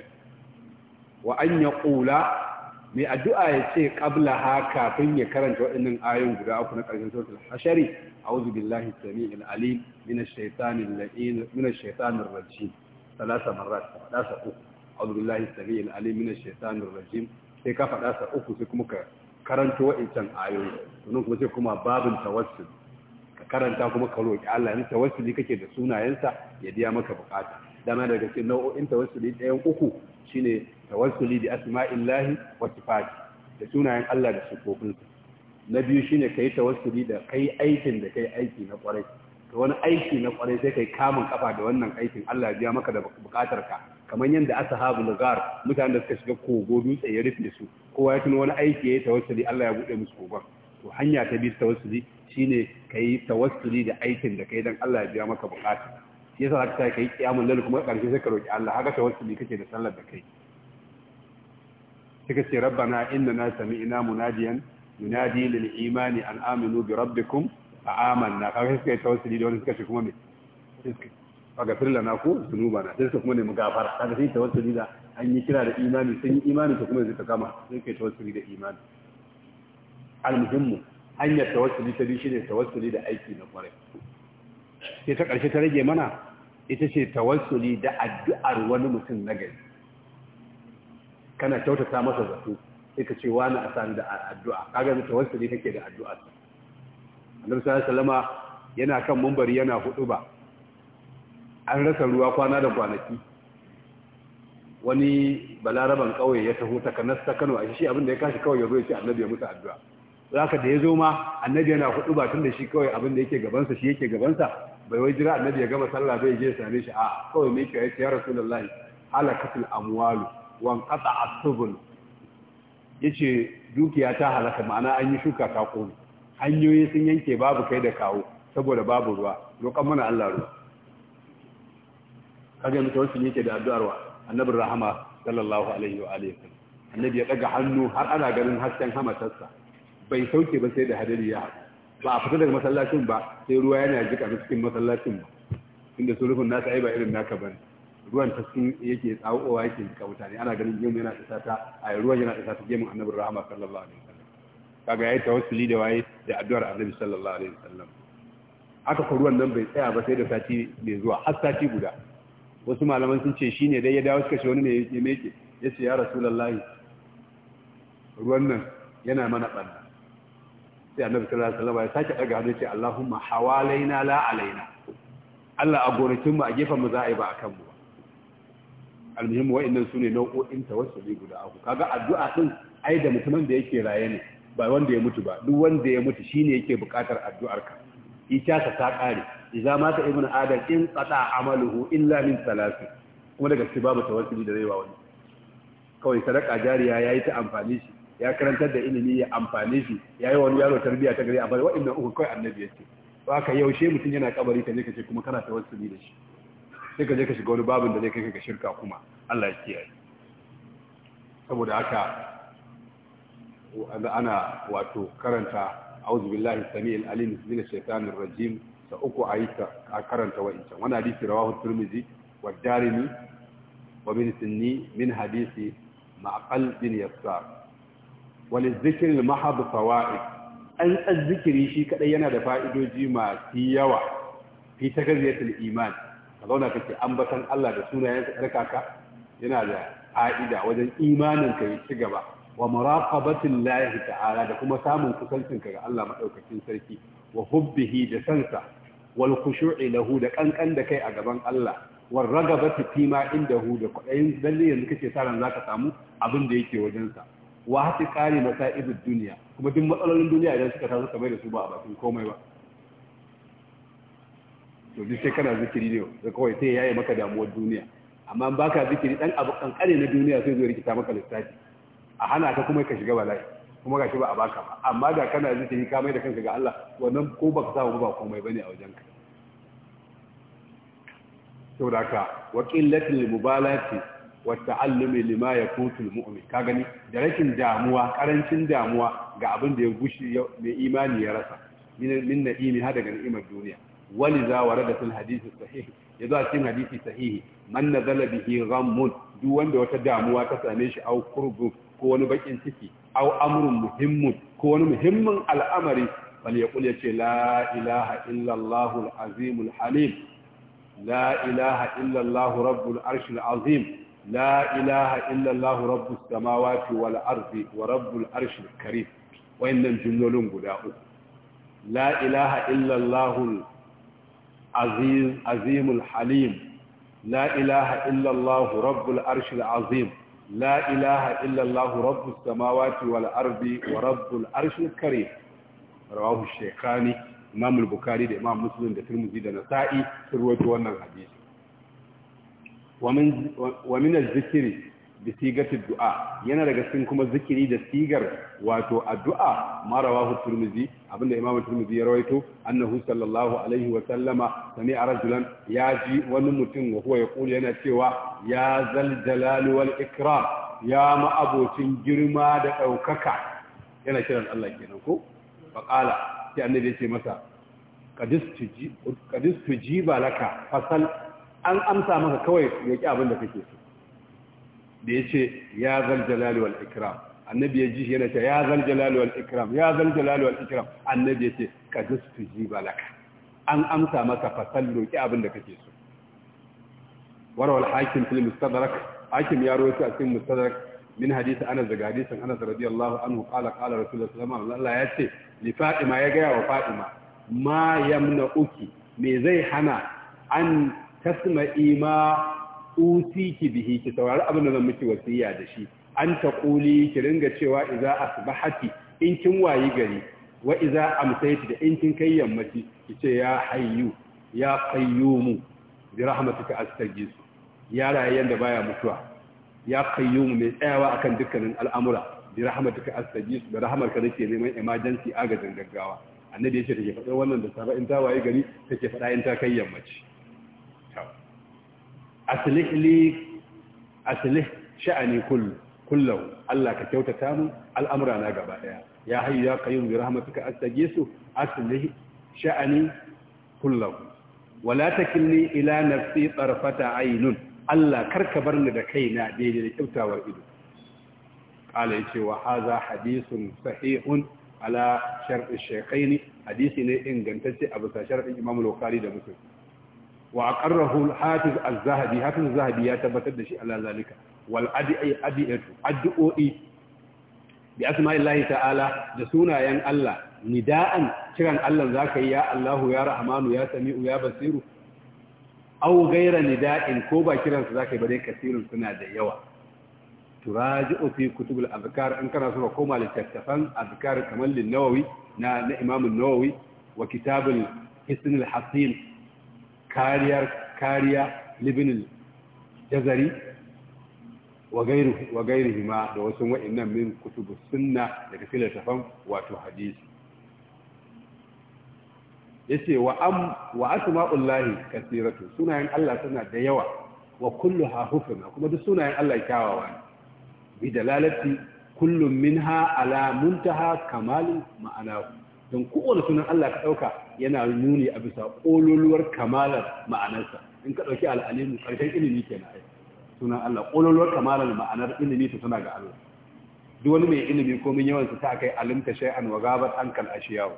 wa an ya ƙula mai addu'a ya ce ƙabla ha kafin ya karanta waɗannan ayon guda uku na ƙarshen sautul hashari a wuzu billahi sami al'alim mina shaitanin rajim salasa marar ka faɗa sa uku a wuzu billahi sami al'alim mina shaitanin rajim sai ka faɗa sa uku sai kuma ka karanta waɗancan ayoyi sannan kuma sai kuma babin tawassul ka karanta kuma ka roƙi Allah tawassul ne kake da sunayensa ya biya maka buƙata dama daga cikin nau'o'in tawassul ɗayan uku shine tawassuli bi asma'illahi wa sifati da sunayen Allah da sifofinsa na biyu shine kai tawassuli da kai aikin da kai aiki na kwarai to wani aiki na kwarai sai kai kamun kafa da wannan aikin Allah ya biya maka da bukatar ka kamar yadda ashabul ghar mutanen da suka shiga kogo dutse ya rufe su kowa ya tuno wani aiki ya yi tawassuli Allah ya bude musu kogon to hanya ta biyu tawassuli shine kai tawassuli da aikin da kai dan Allah ya biya maka bukata shi yasa zaka kai kiyamul lail kuma karshe sai ka roki Allah haka tawassuli kake da sallar da kai suka ce rabbana sami ina munadiyan yunadi lil imani an aminu bi rabbikum a amanna kawai suka yi tawassuli da wani suka ce kuma me a gafir lana ko zunuba na sai kuma ne mu gafara kaga sai tawassuli da an yi kira da imani sun yi imani to kuma zai ta kama sai kai tawassuli da imani almuhimmu hanyar tawassuli ta biyu shine tawassuli da aiki na kwarai sai ta karshe ta rage mana ita ce tawassuli da addu'ar wani mutum na gari kana kyautata masa zato sai ka ce wa na asali da addu'a kaga da ne kake da addu'a annabi sallallahu alaihi yana kan mumbari yana hudu ba an rasa ruwa kwana da kwanaki wani balaraban kauye ya taho ta kanas ta Kano a shi abin da ya kashi kawai ya zo ya ce annabi ya mutu addu'a zaka da ya zo ma annabi yana hudu ba tun da shi kawai abin da yake gabansa shi yake gabansa bai wai jira annabi ya gama sallah bai je same shi a kawai mai yake ya ce ya halakatul amwalu wan qata ya yace dukiya ta halaka ma'ana an yi shuka ta kone hanyoyi sun yanke babu kai da kawo saboda babu ruwa roƙan mana Allah ruwa kaga sun yake da addu'ar wa annabi rahama sallallahu alaihi wa alaihi annabi ya daga hannu har ana ganin hasken hamatarsa bai sauke ba sai da hadari ya haɗu ba a fita daga masallacin ba sai ruwa yana jika cikin masallacin ba inda surufin nasa ai ba irin naka bane ruwan ta sun yake tsawowa yake jika mutane ana ganin gemu yana da sata. a ruwan yana da sata, gemun annabin rahama sallallahu alaihi wasallam kaga yayi tawassuli da waye da addu'ar annabi sallallahu alaihi wasallam aka ko ruwan nan bai tsaya ba sai da sati mai zuwa har sati guda wasu malaman sun ce shine dai ya dawo suka ce wani ne ya meke yace ya rasulullahi ruwan nan yana mana banna sai annabi sallallahu alaihi wasallam ya sake daga hannu ce Allahumma hawalaina la alaina Allah a gonakin mu a gefen mu za a yi ba akan mu almuhimmu wa'annan su ne nau'o'in tawassuli guda uku kaga addu'a din ai da mutumin da yake raye ne ba wanda ya mutu ba duk wanda ya mutu shine yake buƙatar addu'arka ita ta ta kare idza mata ibnu adam in qata amaluhu illa min salasi kuma daga cikin babu tawassuli da rayuwa wani kawai sadaka jariya yayi ta amfani shi ya karantar da ilimi ya amfani shi yayi wani yaro tarbiya ta gari a bar wa'annan uku kai annabi yake to aka yaushe mutum yana kabari ka je ka ce kuma kana tawassuli da shi sai ka je ka shiga wani babin da zai kai ka shirka kuma Allah ya kiyaye saboda haka ana wato karanta a'udhu billahi samiil alim minash shaitanir rajim sa uku ayita a karanta wa'incan wani hadisi rawahu turmizi wa darimi wa min sunni min hadisi ma'aqal bin yassar wal mahab fawaid an shi kadai yana da fa'idoji masu yawa fi tagaziyatul iman ka zauna kake ambatan Allah da sunayen tsarkaka yana da a'ida wajen imanin ka ya ci gaba wa muraqabatin lahi ta'ala da kuma samun kusancin ka ga Allah madaukakin sarki wa hubbihi da sansa wal khushu'i lahu da kankan da kai a gaban Allah wal ragabati ma indahu da kudayin dalle yanzu kake sa ran zaka samu abin da yake wajen sa wa hati qari masa'ibud duniya kuma duk matsalolin duniya idan suka taso kamar da su ba a bakin komai ba to duk sai kana zikiri ne da kawai sai yayi maka damuwar duniya amma ba ka zikiri dan abu kankare na duniya sai zo rikita maka lissafi a hana ka kuma ka shiga bala'i kuma gashi ba a baka ba amma da kana zikiri ka mai da kanka ga Allah wannan ko ba ka samu ba komai bane a wajen ka saboda haka wa qillatul mubalati wa ta'allumi lima yakutul mu'min ka gani da rashin damuwa karancin damuwa ga abin da ya gushi mai imani ya rasa min na'imi hada ga ni'imar duniya ولذا ورد في الحديث الصحيح يذا cikin hadisi sahihi man nazala bihi ghammun duk wanda wata damuwa ta same shi au kurbu ko wani bakin ciki au amrun muhimmun ko wani muhimmin al'amari bal yaqul yace la ilaha illa allah al-azim al-halim la ilaha illa allah rabbul wa rabbul arshil karim wayannan jumlolin guda uku la azimul halim la ilaha illallah rabbul arshil azim la ilaha rabbu rabbus samawati wal ardi wa rabbul arshil karim rawahu shaykhani imam al-bukhari da imam muslim da tirmidhi da nasa'i sun wannan hadisi wa zikiri. bi sigatin du'a yana daga cikin kuma zikiri da sigar wato addu'a ma rawahu turmizi abinda imam turmizi ya rawaito annahu sallallahu alaihi wa sallama sami rajulan ya ji wani mutum wa huwa yaqulu yana cewa ya zal jalal wal ikram ya ma girma da ɗaukaka yana kiran Allah kenan ko fa qala sai annabi ya ce masa qadis tuji qadis laka fasal an amsa maka kawai yaki abin da kake so da ya ce ya zal jalali wal ikram annabi ya ji yana ce ya zal jalali wal ikram ya zal jalali wal ikram annabi ya ce ka jistu ji balaka an amsa maka fasal roki abin da kake so warawal hakim fil mustadrak hakim ya rawaito a cikin mustadrak min hadisi anas daga hadisin anas radiyallahu anhu qala qala rasulullahi sallallahu alaihi wasallam Allah ya ce li fatima ya ga wa fatima ma yamna uki me zai hana an tasma'i ma usiki bihi ki saurari abin da zan miki wasiya da shi an taquli ki ringa cewa idza asbahati in kin wayi gari wa idza amsayti da in kin kai yammaci ki ce ya hayyu ya qayyum bi rahmatika astajiz ya rayayyan da baya mutuwa ya qayyum mai tsayawa akan dukkanin al'amura bi rahmatika astajiz da rahmatika nake neman emergency agajin gaggawa annabi ya ce take faɗa wannan da sabai in ta wayi gari take faɗa in ta kai yammaci aslih li aslih sha'ani kullu Allah ka kyautata mu al'amura na gaba ɗaya. ya hayyu ya qayyum bi rahmatika astaghithu aslih sha'ani kullahu wala takilni ila nafsi fata ainun. Allah kar ka bar ni da kaina daidai da kyautawar ido qala yace wa hadha hadithun sahihun ala shar'i shaykhaini hadisi ne ingantacce a bisa shar'in Imam Bukhari da Muslim wa aqarrahu hafiz al zahabi hafiz zahabi ya tabbatar da shi ala zalika wal addu'o'i bi asma'illahi ta'ala da sunayen Allah nida'an kiran Allah zaka yi ya Allahu ya Rahmanu ya Sami'u ya Basiru aw ghayra nida'in ko ba kiran su zaka yi ba suna da yawa turaji'u fi kutubul azkar in kana so ka koma littattafan azkar kamar lin-Nawawi na na Imam an-Nawawi wa kitabul Hisn al kariyar kariya libinin jazari wa gairu ma da wasu wa'innan min kutubu sunna daga tafan wato hadisi ce wa am wa ka sunayen Allah suna da yawa wa kulluha na kuma duk sunayen Allah kyawawa ne bi lalatti kullum minha alamunta muntaha kamalin ma'ana don kowane sunan Allah ka ɗauka. yana nuni a bisa ƙololuwar kamalar ma'anarsa in ka ɗauki al'alimu ƙarshen ilimi ke na aiki sunan Allah ƙololuwar kamalar ma'anar ilimi ta suna ga Allah duk wani mai ilimi ko min yawansa ta kai alimta shay'an wa gabat ankal ashiyaw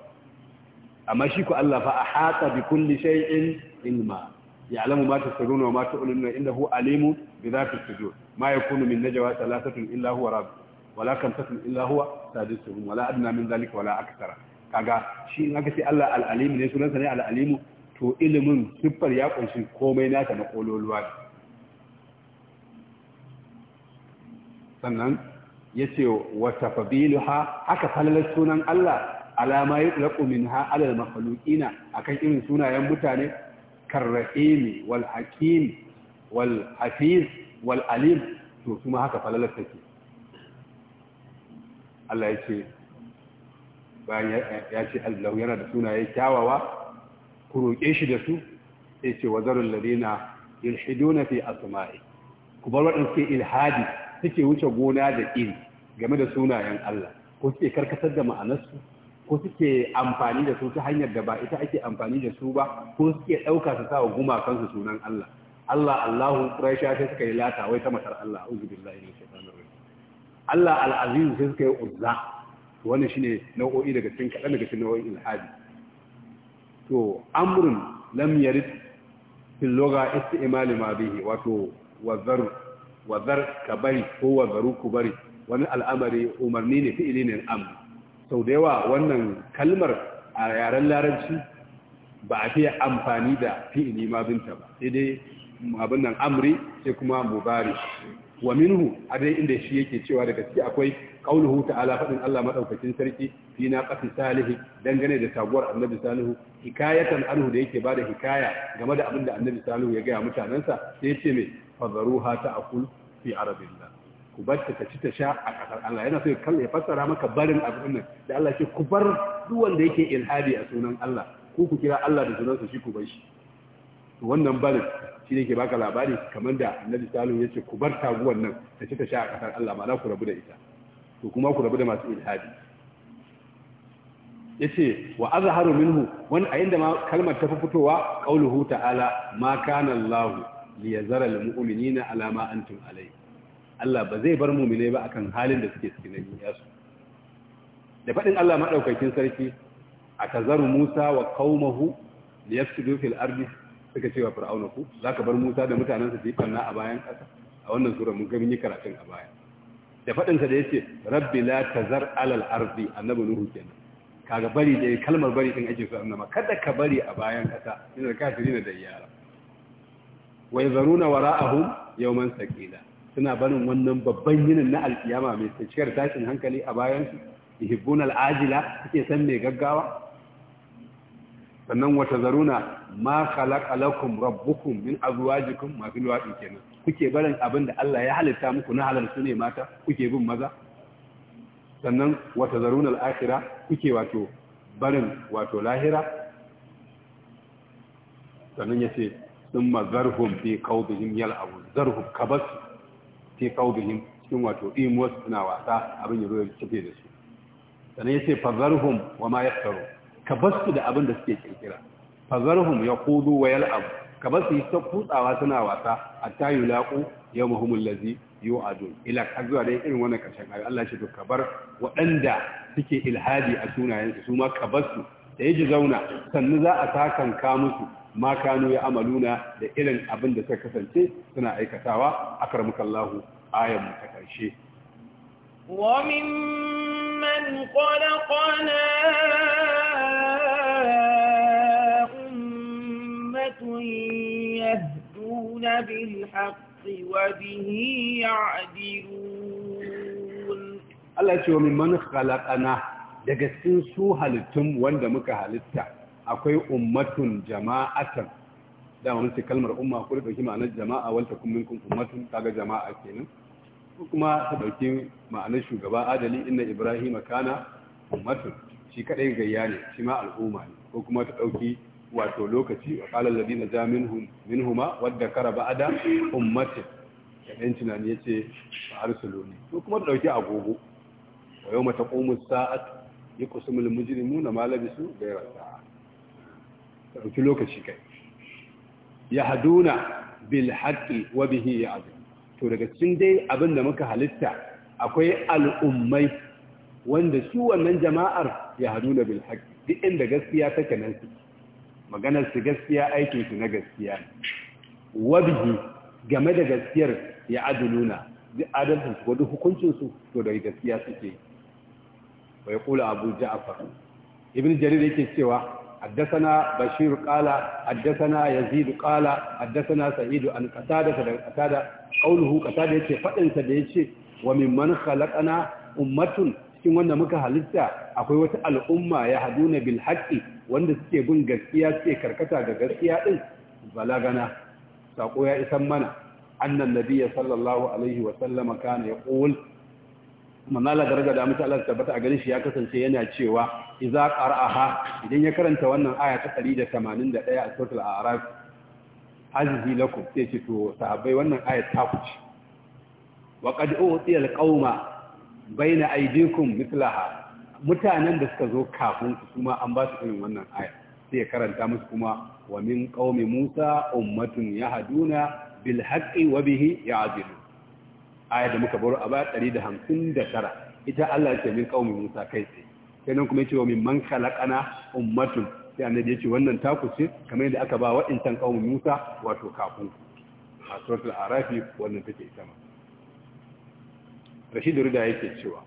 amma shi ku Allah fa ahata bi kulli shay'in ilma ya'lamu ma tasruna wa ma tu'linu innahu alimu bi dhati sudur ma yakunu min najwa thalathatun illa huwa rabb wala kamsatun illa huwa sadisuhum wala adna min dhalika wala akthara kaga shi in aka ce Allah al'alimu ne sunansa ne al'alimu to ilimin siffar ya kunshi komai nata na kololuwa ne sannan ya ce wata fabilu ha haka falalar sunan Allah alama ya tsulaƙo min ha alal mafalukina a kan irin sunayen mutane karra'imi wal hakim wal hafiz wal alim to kuma haka falalar take Allah ya ce bayan ya ce Allah yana da sunaye kyawawa ku roƙe shi da su Ya ce wazarul ladina yulhiduna fi asma'i ku bar waɗansu ilhadi suke wuce gona da iri game da sunayen Allah ko suke karkatar da ma'anarsu ko suke amfani da su ta hanyar da ba ita ake amfani da su ba ko suke ɗauka su sa wa gumakansu sunan Allah Allah Allahu Quraisha sai suka yi lata wai ta matar Allah auzu billahi minash shaitanir rajim Allah al sai suka yi uzza to wannan shine nau'o'i daga cikin kaɗan daga cikin nau'o'in ilhadi to amrun lam yarid fil lugha istimal ma bihi wato wazar wazar kabari ko wazaru kubari wani al'amari umarni ne fi'ili ne am sau da yawa wannan kalmar a yaren larabci ba a fiye amfani da fi'ili ma binta ba sai dai abin nan amri sai kuma mubari wa minhu a dai inda shi yake cewa daga ciki akwai kauluhu ta'ala fadin Allah madaukakin sarki fi qati salih dangane da taguwar annabi salihu hikayatan anhu da yake bada hikaya game da abinda annabi salih ya ga mutanansa sai yace me fadharuha ta'kul fi arabillah ku bar ta ci ta sha a kasar Allah yana so ya kalle fassara maka barin abin nan da Allah ce ku bar duk wanda yake ilhadi a sunan Allah ko ku kira Allah da sunansa shi ku bar shi wannan barin shi ne ke baka labari kamar da annabi salihu ya ce ku bar taguwan nan ta ci ta sha a kasar Allah ma ku rabu da ita to kuma ku rabu da masu ilhadi yace wa azharu minhu wani a inda kalmar ta fi fitowa qauluhu ta'ala ma kana Allah li yazara lil mu'minina ala Allah ba zai bar mu'mine ba akan halin da suke cikin nan yasu da faɗin Allah madaukakin sarki akazaru Musa wa da ya fi fil ardi suka cewa fir'auna ku zaka bar Musa da mutanansa su yi kanna a bayan kasa a wannan sura mun ga karatun a baya da faɗinsa da ce, rabbi la zar alal ardi annabi nuhu kenan kaga bari da kalmar bari din ake so nama. kada ka bari a bayan kasa inda kafirin da yara wai zaruna Yau man saƙila. suna barin wannan babban yinin na alkiyama mai tsakiyar tashin hankali a bayan su yuhibbun al'ajila suke san mai gaggawa sannan wata zaruna ma khalaqa lakum rabbukum min azwajikum ma fil wadi kenan kuke barin abin da Allah ya halitta muku na halar su ne mata kuke bin maza sannan wata zarun al'akira kuke wato barin wato lahira sannan ya ce sun ma zarhun fi kaubihim yal abu zarhun kabas fi kaubihim cikin wato imuwarsu suna wasa abin ya zo tafe da su sannan ya ce fa zarhun wa ma ya tsaro kabas da abin da suke kirkira fa zarhun ya kudu wa yal abu kamar su yi ta kutsawa suna wasa a hatta lazi yau a yu'adun ila zuwa da irin wannan ƙarshen ayoyi Allah shi to bar waɗanda suke ilhadi a sunayensu su ma su da yaji zauna sannu za a kanka musu ma kanu ya amaluna da irin abin da suka kasance suna aikatawa a ayan mu ta karshe wa يهدون بالحق وبه يعدلون الله يقول ممن خلقنا daga cikin su halittun wanda muka halitta akwai ummatun jama'atan da mun ce kalmar umma ko da dauki ma'anar jama'a walta kun minkum ummatun kaga jama'a kenan ko kuma ta ɗauki ma'anar shugaba adali inna ibrahima kana ummatun shi kadai gayya ne shi ma al'umma ne ko kuma ta dauki wato lokaci wa qala alladhina ja minhum minhuma wadda kara ba'da ummati kadan tunani ya yace fa arsuluni to kuma da ɗauki agogo wa yawma taqumu as-sa'at yaqsimul mujrimuna ma labisu ghayra sa'a Ta dauki lokaci kai yahduna bil haqqi wa bihi ya'dil to daga cikin dai abin da muka halitta akwai al'ummai wanda su wannan jama'ar yahduna bil haqqi duk inda gaskiya take nan su maganar su gaskiya aikin su na gaskiya wabihi game da gaskiyar ya adununa da adalcin su wadda hukuncin su to da gaskiya suke bai kula abu ja'afar ibn jarir yake cewa Addasana bashir qala Addasana yazid qala Addasana sa'id an qatada da qatada qawluhu qatada yace fadin sa da yace wa mimman khalaqana ummatun cikin wanda muka halitta akwai wata al'umma ya haduna bil wanda suke bin gaskiya suke karkata ga gaskiya din balagana sako ya isan mana annan nabiyya sallallahu alaihi wa sallama kana yaqul la daraja da mutala tabbata a ganin shi ya kasance yana cewa iza qaraha idan ya karanta wannan aya ta 181 a suratul a'raf azhi lakum sai ce to sahabbai wannan aya ta kuce wa qad utiya alqauma baina aydikum mithlaha mutanen da suka zo kafin su kuma an ba su irin wannan aya sai ya karanta musu kuma wa min qaumi Musa ummatun yahduna bil haqqi wa bihi ya'dilun aya da muka baro a baya 159 ita Allah ce min qaumi Musa kai sai sai nan kuma yace wa min man khalaqana ummatun sai annabi yace wannan taku ce kamar yadda aka ba wa'intan qaumi Musa wato kafin a suratul arafi wannan take ita ma Rashid Rida yake cewa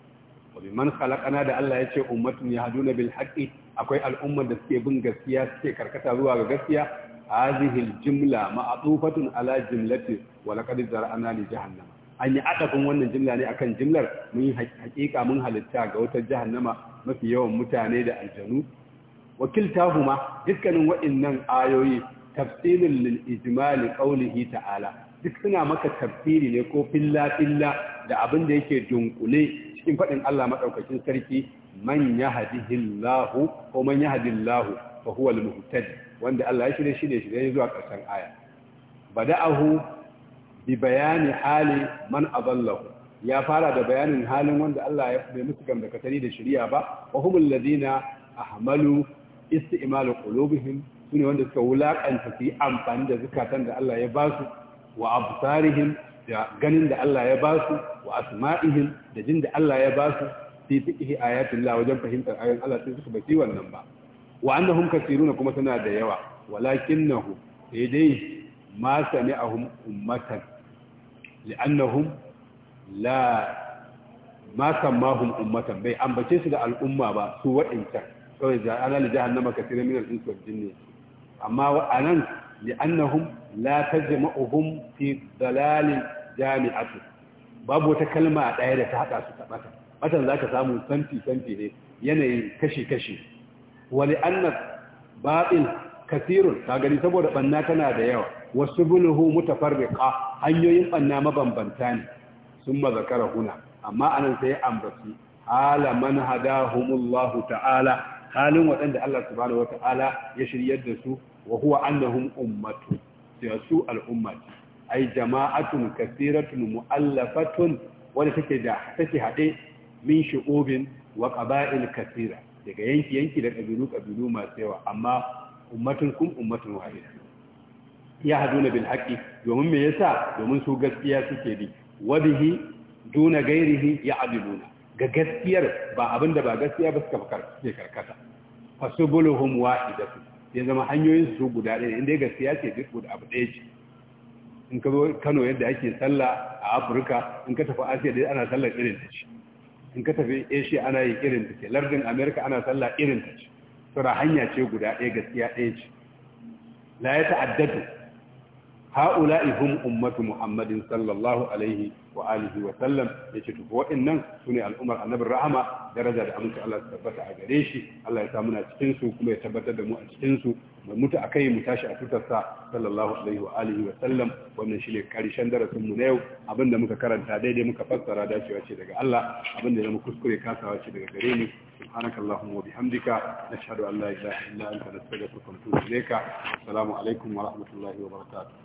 wa mimman khalaqana da Allah yace ummatun yahduna bil haqqi akwai al'ummar da suke bin gaskiya suke karkata zuwa ga gaskiya hadhihi al jumla ma'tufatun ala jumlati wa laqad zara'na li jahannam an yi adafin wannan jumla ne akan jumlar mun yi hakika mun halitta ga wata jahannama mafi yawan mutane da aljanu wakiltahuma dukkanin waɗannan ayoyi tafsirin lil ijmali qawlihi ta'ala duk suna maka tafsiri ne ko filla filla da abin da yake dunkule cikin faɗin Allah maɗaukakin sarki man hadihillahu ko man hadillahu. fa huwa al-muhtadi wanda Allah ya shirye shi ne zuwa ƙarshen aya bada'ahu bi bayani hali man adallahu ya fara da bayanin halin wanda Allah ya bai musu gamdakatari da shiriya ba wa humul ladina ahmalu isti'malu qulubihim sune wanda suka wulakanta su amfani da zakatan da Allah ya basu, su wa absarihim da ganin da Allah ya ba su wa asma'ihim da jin da Allah ya ba su fi fiqhi ayatillah wajen fahimtar ayoyin Allah sai suka baki wannan ba wa annahum kathiruna kuma suna da yawa walakinahu sai dai ma sami'ahum ummatan li'annahum la ma sammahum ummatan bai ambace su da al'umma ba su wa'incan kawai da ana li jahannama kathira min al-insi wal jinni amma anan li'annahum la tajma'uhum fi dalalin jami'atu babu wata kalma ɗaya da ta haɗa su ta ɓata za ka samu santi-santi ne yanayin kashi-kashi Wani annas baɗin kasirun ta gani saboda ɓanna tana da yawa wasu buluhu mutafarriqa hanyoyin ɓanna mabambanta ne sun mazakara huna amma anan sai ambaci ala man hadahumullahu ta'ala halin waɗanda Allah subhanahu ya shiryar da su wa huwa annahum ummatu su al'umma ai jama'atun kasiratun mu'allafatun wanda take da take hade min shu'ubin wa qaba'il kasira daga yanki yanki da kabilu kabilu masu yawa amma ummatun kum ummatun wahida ya haduna bil haqqi domin me yasa domin su gaskiya suke bi wa bihi duna gairihi ya'diluna ga gaskiyar ba abinda ba gaskiya ba suka karkata fasubuluhum wahidatu ya zama hanyoyin su guda ɗaya inda gaskiya ce duk guda abu ɗaya ce in ka zo kano yadda ake sallah a afirka in ka tafi asiya dai ana sallar irin ta ce in ka tafi asia ana yi irin ta ce lardin amerika ana sallah irin ta ce sura hanya ce guda ɗaya gaskiya ɗaya ce la ya ta'addadu ha'ula'i hum ummatu muhammadin sallallahu alaihi wa alihi wa sallam ya ce tuku waɗannan su al'ummar annabin rahama daraja da aminci Allah tabbata a gare shi Allah ya samu na cikin su kuma ya tabbatar da mu a cikin su mu mutu akai mu tashi a tutarsa sallallahu alaihi wa alihi wa sallam wannan shine karshen darasin mu na yau abinda muka karanta daidai muka fassara dacewa ce daga Allah abinda ya mu kuskure kasawa ce daga gare mu سبحانك اللهم وبحمدك نشهد أن لا إله إلا أنت نستغفرك ونتوب إليك السلام عليكم ورحمة الله وبركاته